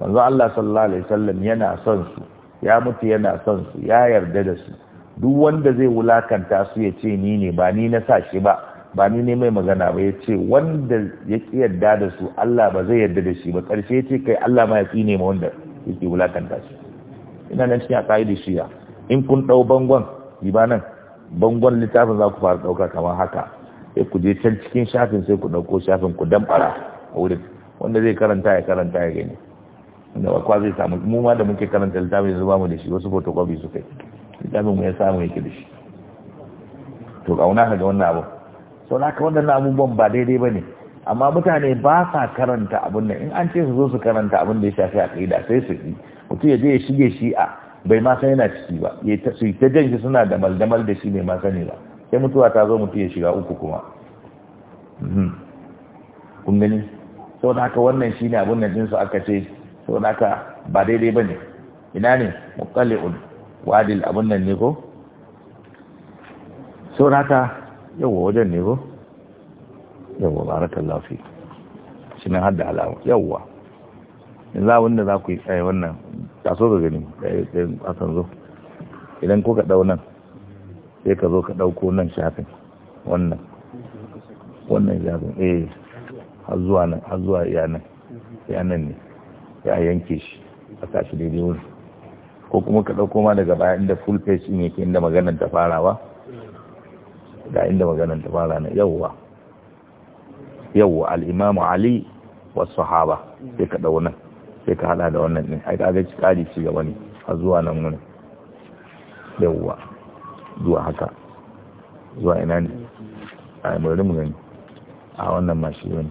manzo Allah sallallahu alaihi wasallam yana son su ya mutu yana son su ya yarda da su duk wanda zai wulakanta su ya ce ni ne ba ni na sa shi ba ba ni ne mai magana ba ya ce wanda ya ƙi yadda da su Allah ba zai yadda da shi ba ƙarshe ce kai Allah ma ya ne ma wanda yake wulakanta shi ina nan cikin a da shiya in kun ɗau bangon ba nan bangon littafin za ku fara ɗauka kamar haka sai ku je can cikin shafin sai ku ɗauko shafin ku damfara a wurin wanda zai karanta ya karanta ya gani wanda ba kwa zai samu mu ma da muke karanta littafin yanzu ba mu da shi wasu photocopy su kai littafin mu ya samu yake da shi to kauna ka ga wannan abu so na wannan abubuwan ba daidai ba ne amma mutane ba sa karanta abin nan in an ce su zo su karanta abin da ya shafi a kaida sai su yi mutum ya je ya shige shi a bai ma san yana ciki ba su yi su ta jan shi suna da maldamal da shi bai ma sani ba sai mutuwa ta zo mutum ya shiga uku kuma mhm. kun gani sau da haka wannan shi ne abin din su aka ce sau da haka ba daidai ba ne ina ne mukalli'un wadil abin nan ne ko sau da haka yawa wajen ne ba yawa barakan lafi shi ne hada alamu yawa in za wanda za ku yi tsaye eh, wannan taso ga gani ɗayan eh, eh, asan zo idan ko ka ɗau nan sai ka zo ka ɗauko nan shafin wannan wannan shafin eh har zuwa nan har zuwa yanan yanan ne ya yanke shi a tashi daidai wuri ko kuma ka ɗauko ma daga baya inda full page ɗin yake inda maganar ta farawa ga inda maganan ta fara na yawwa yawwa al'imamu ali wasu haba sai ka dau nan sai ka hada da wannan ne. ai ga ci kari ci gaba ne a zuwa nan wani. yawwa zuwa haka zuwa ina ne a bari mu gani a wannan mashi ne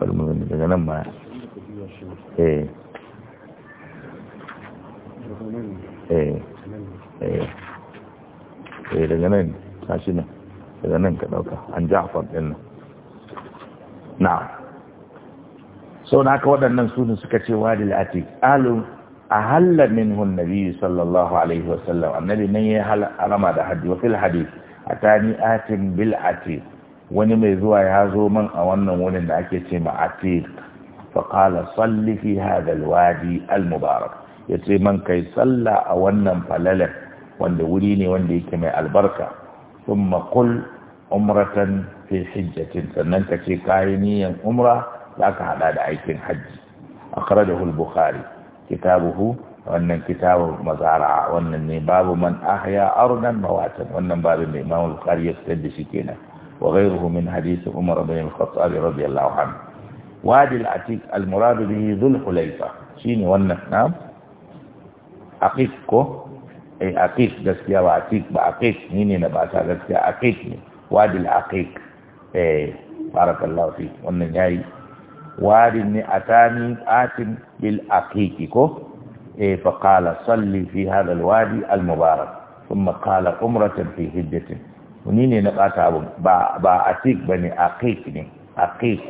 mulmi mu gani daga nan ma eh. eh eh eh daga nan shi ne daga nan ka ɗauka an ja'far ɗin nan na sau na aka waɗannan suna suka ce wadi la'atik alu a halla min hun nabi sallallahu alaihi wasallam annabi nan ya harama da hadi wa hadi a ni atin bil ati. wani mai zuwa ya zo man a wannan wurin da ake ce ma ati, faƙala salli fi hadal wadi al-mubarak ya ce man kai salla a wannan falalar wanda wuri ne wanda yake mai albarka ثم قل عمرة في حجة فننتكي كاينيا عمرة لك على عيك حج أخرجه البخاري كتابه وأن كتاب مزارع وأن باب من أحيا أرضا مواتا وأن باب الإمام البخاري يستد شكينا وغيره من حديث عمر بن الخطاب رضي الله عنه وادي العتيق المراد به ذو الحليفة شيني وأن نعم أقفكو اي عقيق جسكيا وعقيق بعقيق هيني نبعثا جسكيا عقيق وادي العقيق اي بارك الله فيك وانا جاي وادي ني اتاني اتن بالعقيق كو فقال صلي في هذا الوادي المبارك ثم قال عمرة في هجة ونيني نبعثا با با عقيق بني عقيق ني عقيق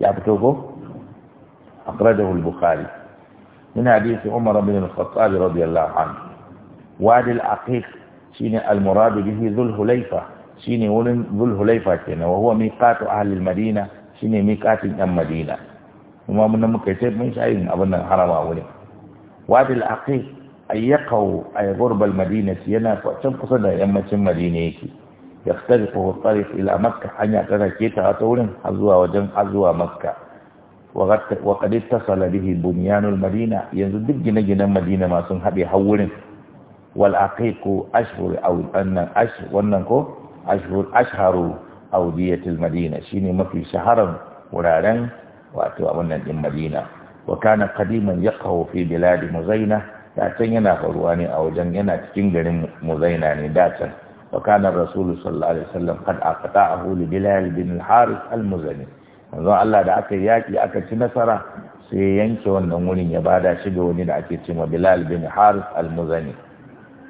يا بتوكو اقرده البخاري من حديث عمر بن الخطاب رضي الله عنه wadi al-aqiq shine al bihi dhul-hulayfa shine wurin dhul-hulayfa kenan wa huwa miqatu ahli madina shine miqatin ɗan madina kuma mun muka ce mun shayin abin nan harama wuri wadi al-aqiq ay yaqaw ay ghurba al-madina yana can kusa da yammacin madina yake yaxtariqu al-tariq ila makkah hanya tana ke ta ta wurin har zuwa wajen har zuwa makkah wa qad ittasala madina yanzu duk gine-ginen madina masu sun haɗe har wurin wal aqiqu ashhur aw ash wannan ko ashhur ashharu awdiyatil madina shine mafi shaharan wuraren wato a wannan din madina wa kana qadiman yaqaw fi bilad muzaina da can yana faruwa ne a wajen yana cikin garin muzaina ne da can wa kana rasul sallallahu alaihi wasallam a aqta'ahu bilal bin al-harith al-muzani manzo Allah da aka yaki aka ci nasara sai yanke wannan wurin ya bada shi ga wani da ake cewa bilal bin Haris al-muzani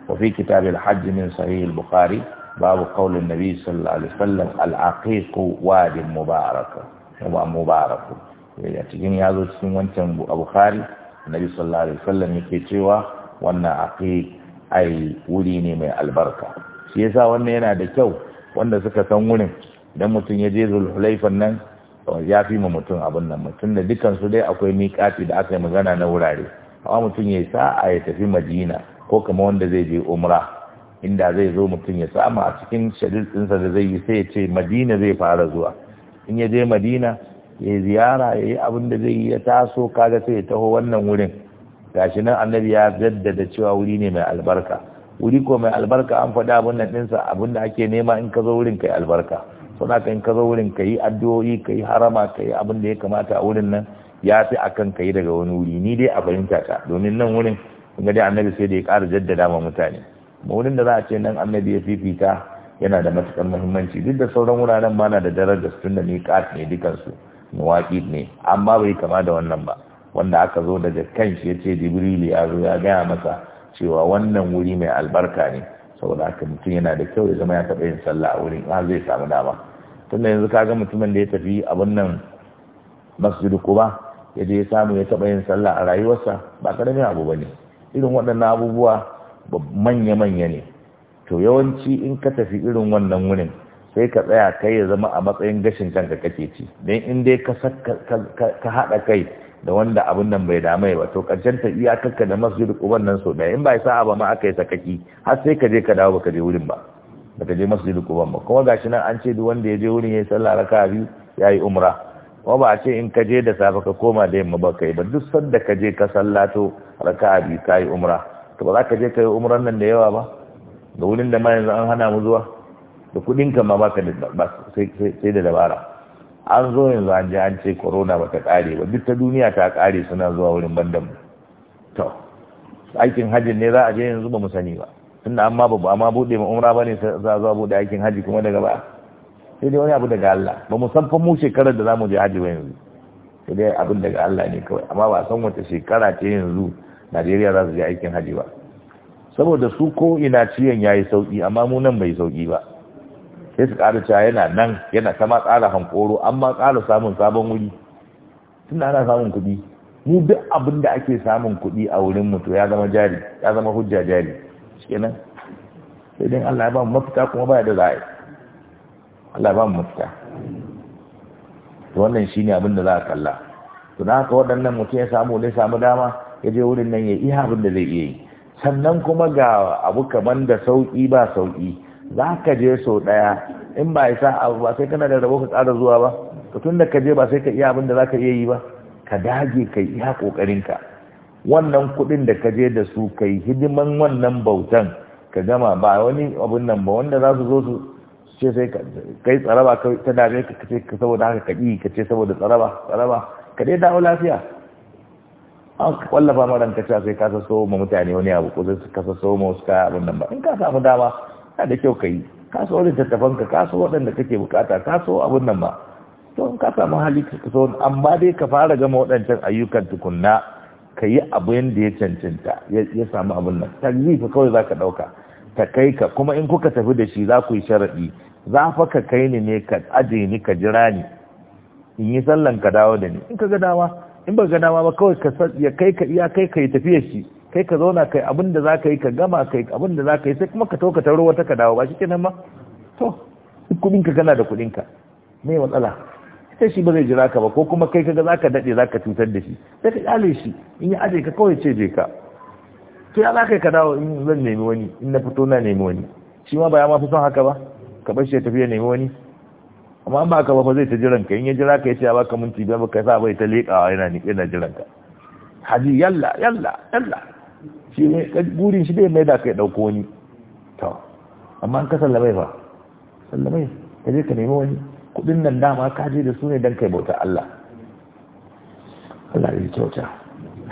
وفي كتاب الحج من صحيح البخاري باب قول النبي صلى الله عليه وسلم العقيق واد مبارك مبارك ya cikin ya cikin wancan a bukhari nabi sallallahu alaihi wasallam yake cewa wannan aqiq ai wuri ne mai albarka shi yasa wannan yana da kyau wanda suka san wurin idan mutum ya je zulhulaifan nan ya fi ma mutum abin nan mutum da dukan dai akwai miƙati da aka yi magana na wurare amma mutum ya sa a ya tafi madina ko kama wanda zai je umra inda zai zo mutum ya samu a cikin shadid ɗinsa da zai yi sai ya ce madina zai fara zuwa in ya je madina ya ziyara ya yi abin da zai yi ya taso kaga sai ya taho wannan wurin gashi nan annabi ya jaddada cewa wuri ne mai albarka wuri ko mai albarka an faɗi abin nan ɗinsa abin da ake nema in ka zo wurin kai albarka so na in ka zo wurin ka yi addu'o'i ka yi harama ka yi abin da ya kamata a wurin nan ya fi akan ka yi daga wani wuri ni dai a fahimta ta domin nan wurin kun dai annabi sai da ya kara jaddada ma mutane wurin da za a ce nan annabi ya fifita yana da matukar muhimmanci duk da sauran wuraren ba na da darar da sun da miƙat ne dukansu nuwaƙi ne amma bai kama da wannan ba wanda aka zo daga kan shi ya ce jibrilu ya zo ya gaya masa cewa wannan wuri mai albarka ne saboda haka mutum yana da kyau ya zama ya taɓa yin sallah a wurin har zai samu dama tunda yanzu ka ga mutumin da ya tafi abun nan masjidu ku ya je ya samu ya taɓa yin sallah a rayuwarsa ba ƙaramin abu ba ne irin waɗannan abubuwa manya-manya ne to yawanci in ka tafi irin wannan wurin sai ka tsaya kai ya zama a matsayin gashin kanka kake ci don in dai ka haɗa kai da wanda abin nan bai dame ba to karshen ta iyakarka da masjid kuban nan so ɗaya in ba sa'a ba ma aka yi sakaki har sai ka je ka dawo baka je wurin ba baka je masjid kuban ba kuma gashi nan an ce duk wanda ya je wurin ya yi sallah raka biyu ya yi umra wa ba a ce in ka je da safe ka koma da yamma ba kai ba duk sanda ka je ka sallato raka'a bi kai yi umra to ba za ka je ka yi umran nan da yawa ba da wurin da ma yanzu an hana mu zuwa da kuɗin ka ma baka sai da dabara an zo yanzu an je an ce corona ba ta ƙare ba duk ta duniya ta ƙare suna zuwa wurin bandan mu to aikin hajjin ne za a je yanzu ba mu sani ba tunda amma ba amma bude ma umra ba ne za a zo bude aikin hajji kuma daga baya sai dai wani abu daga Allah ba mu san fa mu shekarar da za mu je haji ba yanzu sai dai abin daga Allah ne kawai amma ba san wata shekara ce yanzu Najeriya za su je aikin hajji ba saboda su ko ina ciyan yayi sauki amma mu nan bai sauki ba sai su ƙara cewa yana nan yana ta ma ƙara hankoro amma ƙara samun sabon wuri tun ana samun kuɗi mu duk abin da ake samun kuɗi a wurin mutu ya zama jari ya zama hujja jari shi kenan sai dai Allah ya ba mu mafita kuma ba da za'a Allah ba mu mafita wannan shine abin da za a kalla to haka waɗannan mutum ya samu ne samu dama ya je wurin nan ya iya abin da zai iya yi sannan kuma ga abu kaman da sauki ba sauki za ka je sau ɗaya in ba isa abu ba sai kana da rabo ka tsara zuwa ba to tun da ka je ba sai ka iya abin da za ka iya yi ba ka dage ka yi iya ƙoƙarinka wannan kuɗin da ka je da su ka yi hidiman wannan bautan ka gama ba wani abun nan ba wanda za su zo su ce sai yi tsaraba ta dame ka kace ka saboda haka kaɗi ka ce saboda tsaraba tsaraba ka dai dawo lafiya an wallafa maran ka sai ka so ma mutane wani abu ko sai ka so ma wasu kaya abin nan ba in ka samu dama na da kyau ka yi ka so tattafan ka ka so waɗanda kake bukata ka so abin nan ba to in ka samu hali ka so amma dai ka fara gama waɗancan ayyukan tukunna ka yi abin da ya cancanta ya samu abin nan fa kawai za ka ɗauka ta kai ka kuma in kuka tafi da shi za ku yi sharaɗi za fa ka kai ni ne ka aje ni ka jira ni in yi sallan ka dawo da ni in ka ga in ba ga ba kawai ka ya kai ka iya kai ka yi tafiya shi kai ka zauna kai abin da za ka yi ka gama kai abin da za ka yi sai kuma ka to ka taro wata ka dawo ba shi kenan ma to kudin ka kana da kudin ka mai matsala sai shi ba zai jira ka ba ko kuma kai kaga za ka daɗe za ka cutar da shi sai ka kyale shi in yi aje ka kawai ce je ka to ya zaka ka ka dawo in zan nemi wani in na fito na nemi wani shi ma ba ya ma fi son haka ba ka bar shi ya tafi ya nemi wani amma an ba ka ba zai ta jiran ka in ya jira ka ya ce ba ka minti biyar ka sa bai ta leƙawa yana ni yana jiran ka haji yalla yalla yalla shi ne burin shi bai mai da kai dauko wani to amma an ka sallamai fa sallamai ka je ka nemi wani kudin nan dama ka je da su ne dan kai bauta Allah Allah ya kyauta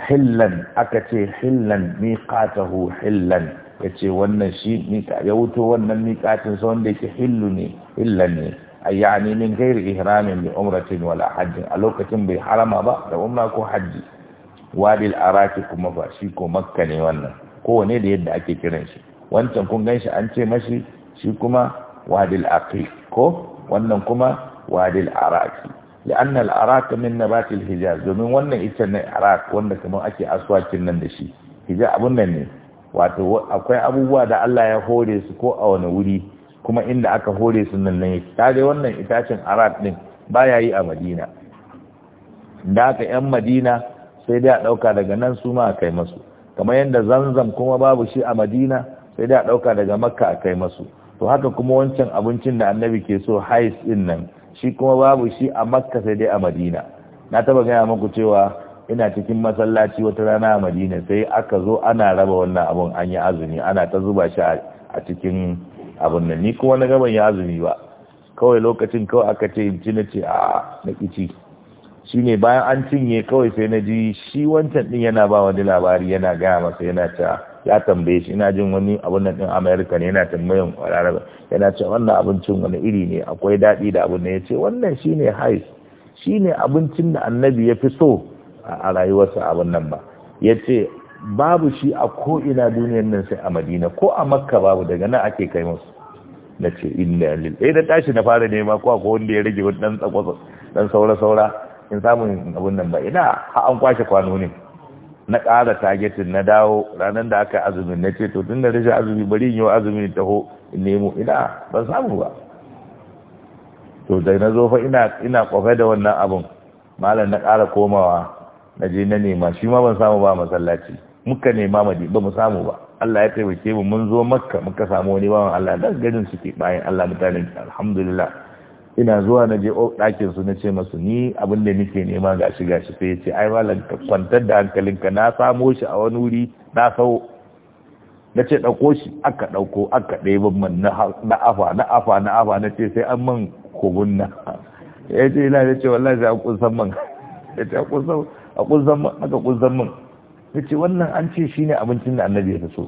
hillan aka ce hillan miƙatahu, hillan ce wannan shi ya wuto wannan miƙatin sa wanda yake hillu ne hillan ne ayyani min ghairi ihramin bi umratin wala hajjin a lokacin bai harama ba da umra ko hajji wadil araki kuma ba shi ko makka ne wannan kowane da yadda ake kiran shi wancan kun ganshi an ce mashi shi kuma wadil aqiq ko wannan kuma wadil araki لأن arak من نبات الحجاز domin wannan ita ne arak wanda kamar ake aswakin nan da shi hija abun nan ne wato akwai abubuwa da Allah ya hore su ko a wani wuri kuma inda aka hore su nan ne ta dai wannan itacen arak din baya yi a Madina da aka yan Madina sai dai a dauka daga nan su ma kai masu kamar yanda zanzam kuma babu shi a Madina sai dai a dauka daga Makka a kai masu to haka kuma wancan abincin da Annabi ke so hais din nan shi kuma babu shi a makka sai dai a madina na taba gaya muku cewa ina cikin masallaci wata rana a madina sai aka zo ana raba wannan abun an yi azumi ana ta zuba shi a cikin abun nan ni kuma na gaban ya azumi ba kawai lokacin kawai aka ce in ci na ce a na kici shi ne bayan an cinye kawai sai na ji shi wancan din yana ba wani labari yana gaya masa yana ta ya tambaye shi ina jin wani abun nan din America ne yana tambayan Larabe yana ce wannan abincin wani iri ne akwai daɗi da abun Ya ce wannan shine hais shine abincin da Annabi ya fi so a rayuwarsa abun nan ba yace babu shi a ko ina duniyar nan sai a Madina ko a Makka babu daga nan ake kai musu na ce inna lil eh da tashi na fara nema ko akwai wanda ya rage wani dan tsakwaso dan saura saura in samun abun nan ba ina an kwashe kwano ne na ƙara targetin na dawo ranar da aka azumin na ce to tun da rashin azumi bari yi wa azumin taho in nemo ina ban samu ba to da na zo ina ina kwafe da wannan abun malam na ƙara komawa na je na nema shi ma ban samu ba masallaci muka nema madi ba mu samu ba Allah ya taimake mu mun zo makka muka samu wani bawan Allah dan ganin suke bayan Allah mutanen alhamdulillah ina zuwa na je ɗakin su na ce masu ni abin da nake nema gashi gashi sai ya ce ai malam ka kwantar da hankalinka na samo shi a wani wuri na sau na ce ɗauko shi aka ɗauko aka ɗaya man na afa na afa na afa na ce sai an man kogunna ya ce ina da ce wallahi sai a kunsan man ya ce a kunsan man aka kunsan man ya ce wannan an ce shi ne abincin da annabi ya fi so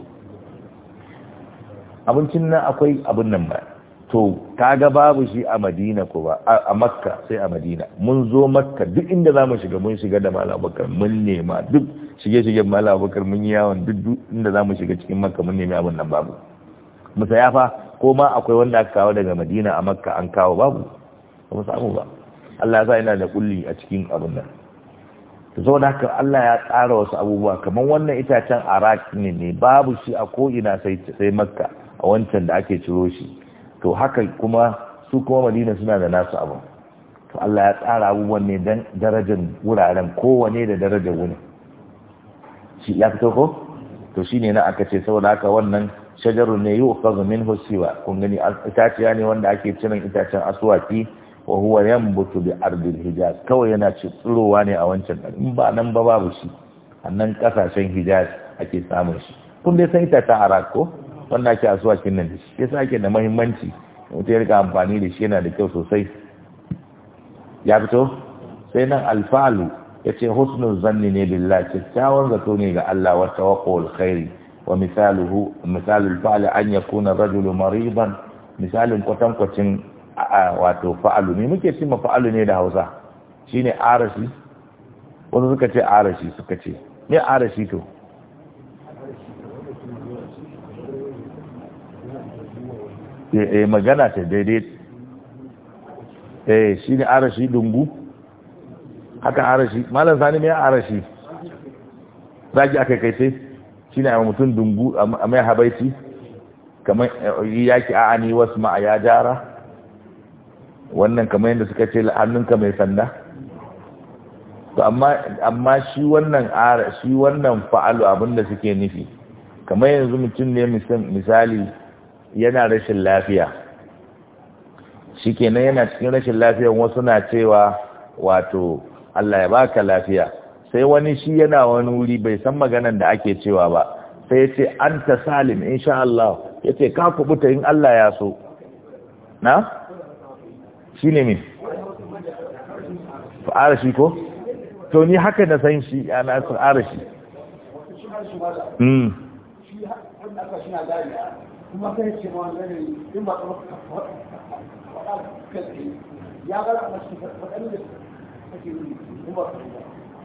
abincin nan akwai abin nan ba to kaga babu shi a madina ko ba a makka sai a madina mun zo makka duk inda za mu shiga mun shiga da malam bakar mun nema duk shige-shige malam bakar mun yi yawon duk inda za mu shiga cikin makka mun nemi abin nan babu musaya fa ko ma akwai wanda aka kawo daga madina a makka an kawo babu ba mu samu ba Allah ya sa ina da kulli a cikin abin nan to da haka Allah ya tsara wasu abubuwa kamar wannan itacen arak ne ne babu shi a ko ina sai sai makka a wancan da ake ciro shi to haka kuma su kuma madina suna da nasu abin? to Allah ya tsara abubuwan ne dan darajar wuraren kowane da darajar wuni shi ya fito ko to shine na aka ce saboda haka wannan shajarun ne yu'khadhu minhu siwa kun gani itaciya ne wanda ake ciran itacen asuwaki? wa huwa yanbutu bi ardil hijaz kawai yana ci tsirowa ne a wancan ɗan. in ba nan ba babu shi A nan ƙasashen hijaz ake samun shi kun dai san itacen arak ko wannan ake shi nan da shi ya sa ake da mahimmanci mutum ya rika amfani da shi yana da kyau sosai ya fito sai nan alfalu ya ce husnul zanni ne billah kyakkyawan zato ne ga Allah wa tawakkul khairi wa misaluhu misalul fa'li an yakuna rajulu mariban misalin kwatankwacin wato fa'alu ne muke cin ma fa'alu ne da Hausa shine arashi wasu suka ce arashi suka ce me arashi to Eh, eh magana ta daidai eh shi ne arashi dungu haka arashi malam sani mai arashi zagi aka kai sai shi ne a mutum dungu a mai habaiti kamar eh, yaki a ani wasu ma a ya jara wannan kamar yadda suka ce hannunka mai sanda to amma shi wannan shi wannan fa'alu abinda suke nufi kamar yanzu mutum ne misali yana rashin lafiya kenan yana cikin rashin lafiya wasu na cewa wato Allah ya baka lafiya sai wani shi yana wani wuri bai san maganan da ake cewa ba sai ya ce ta salim insha Allah ya ce ka kubuta in Allah ya so na shi ne min shi ko to ni haka na san shi ana shi. kuma kai ce ma wani in ba ya gara a da yi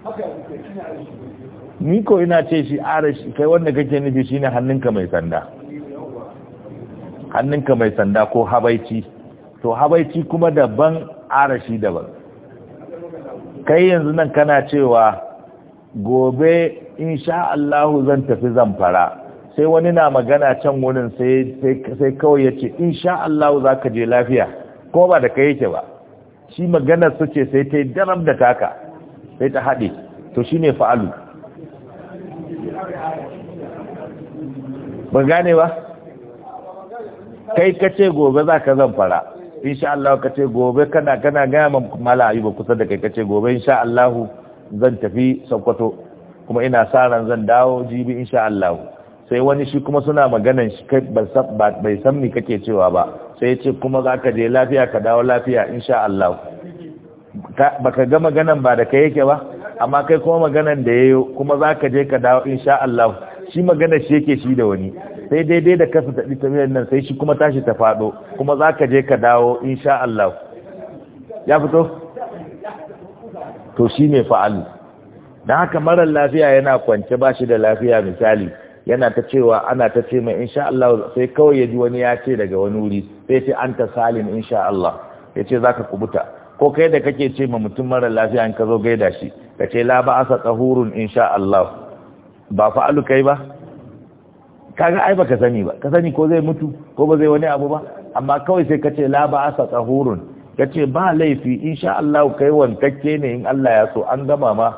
haka shi ne shi ni ko ina ce shi arashi kai wanda kake nufi shine hannunka mai sanda hannunka mai sanda ko habaici to habaici kuma daban arashi daban kai yanzu nan kana cewa gobe insha Allahu zan tafi zamfara sai wani na magana can wurin sai kawai ya ce insha Allah za ka je lafiya ko ba da ka yake ba shi maganar su ce sai ta yi daram da taka sai ta haɗe to shi ne fa'alu ba gane ba kai ka ce gobe za ka zan fara insha Allah ka ce gobe kana kana gaya mala ayuba kusa da kai ka ce gobe insha Allah zan tafi sokoto kuma ina sa ran zan dawo jibi insha Allah sai wani shi kuma suna maganan shi bai san ni kake cewa ba sai ce kuma za ka je lafiya ka dawo lafiya insha Allah ka ga maganan ba da kai yake ba amma kai kuma maganan da yayo kuma za ka je ka dawo insha Allah shi magana shi yake shi da wani sai daidai da kasa ta tafiyar nan sai shi kuma tashi ta faɗo kuma za ka je ka dawo insha Allah ya fito to shi ne fa'alu Don haka marar lafiya yana kwance ba shi da lafiya misali yana ta cewa ana ta ce mai insha Allah sai kawai ya ji wani ya ce daga wani wuri sai ce an ta salim insha Allah ya ce za ka kubuta ko kai da kake ce ma mutum mara lafiya in ka zo gaida shi ka ce la ba asa tsahurun insha Allah ba fa'alu kai ba Ka ga ai baka sani ba ka sani ko zai mutu ko ba zai wani abu ba amma kawai sai ka ce la ba asa tsahurun ka ce ba laifi insha Allah kai wankakke ne in Allah ya so an gama ma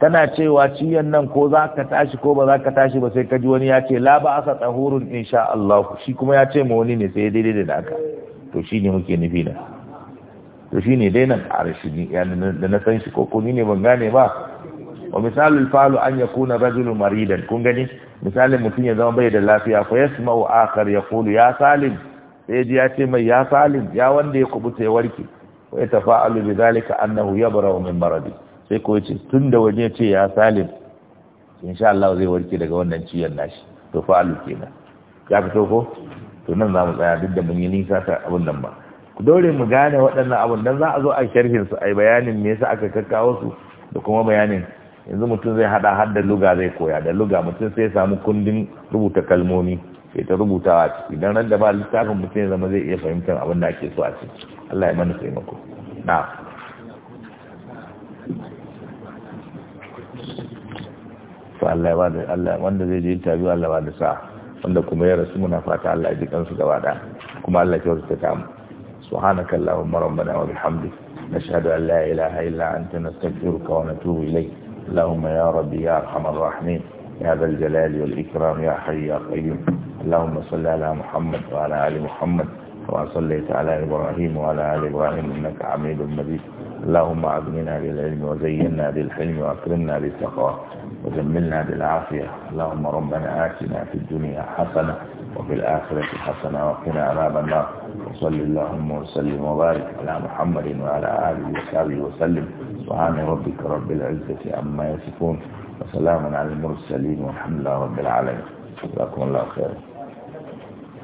tana cewa ciyan nan ko za ka tashi ko ba za ka tashi ba sai ka ji wani ya ce la ba asa tsahurun insha Allah shi kuma ya ce ma wani ne sai daidai da naka to shi ne muke nufi na to shi ne dai nan a ƙarashi da na san shi ko ni ne ban gane ba wa misalul falu an kuna rajulun maridan kun gani misalin mutum ya zama bai da lafiya ko yasma'u akhar akar ya kulu salim sai ji ya ce mai ya salim ya wanda ya kubuta ya warke wa yatafa'alu zalika annahu wa min maradi sai ko ce tun da wani ce ya salim insha Allah zai warke daga wannan ciyon nashi to fa'alu kenan ya fito ko to nan za mu tsaya duk da mun yi nisa ta abin nan ba ku dore mu gane waɗannan abun dan za a zo a sharhin su ai bayanin me yasa aka kakkawo su da kuma bayanin yanzu mutum zai hada har da luga zai koya da luga mutum sai ya samu kundin rubuta kalmomi sai ta rubutawa a ciki dan ran da ba littafin mutum ya zama zai iya fahimtar abin da ake so a ciki Allah ya mana taimako na'am to Allah ya ba da Allah wanda zai je interview Allah ba da sa wanda kuma ya rasu muna fata Allah ya ji kansu gaba da kuma Allah ya kyautata ta mu subhanaka allahumma rabbana wa bihamdik nashhadu an la ilaha illa anta nastaghfiruka wa natubu ilayk اللهم يا ربي يا ارحم الراحمين يا ذا الجلال والإكرام يا حي يا قيوم اللهم صل على محمد وعلى آل محمد كما صليت على إبراهيم وعلى آل إبراهيم إنك حميد مجيد اللهم أغننا بالعلم وزينا بالحلم وأكرمنا بالتقوى وجملنا بالعافية اللهم ربنا آتنا في الدنيا حسنة وفي الآخرة حسنة وقنا عذاب النار وصل اللهم وسلم وبارك على محمد وعلى آله وصحبه وسلم سبحان ربك رب العزة عما يصفون وسلام على المرسلين والحمد لله رب العالمين جزاكم الله خيرا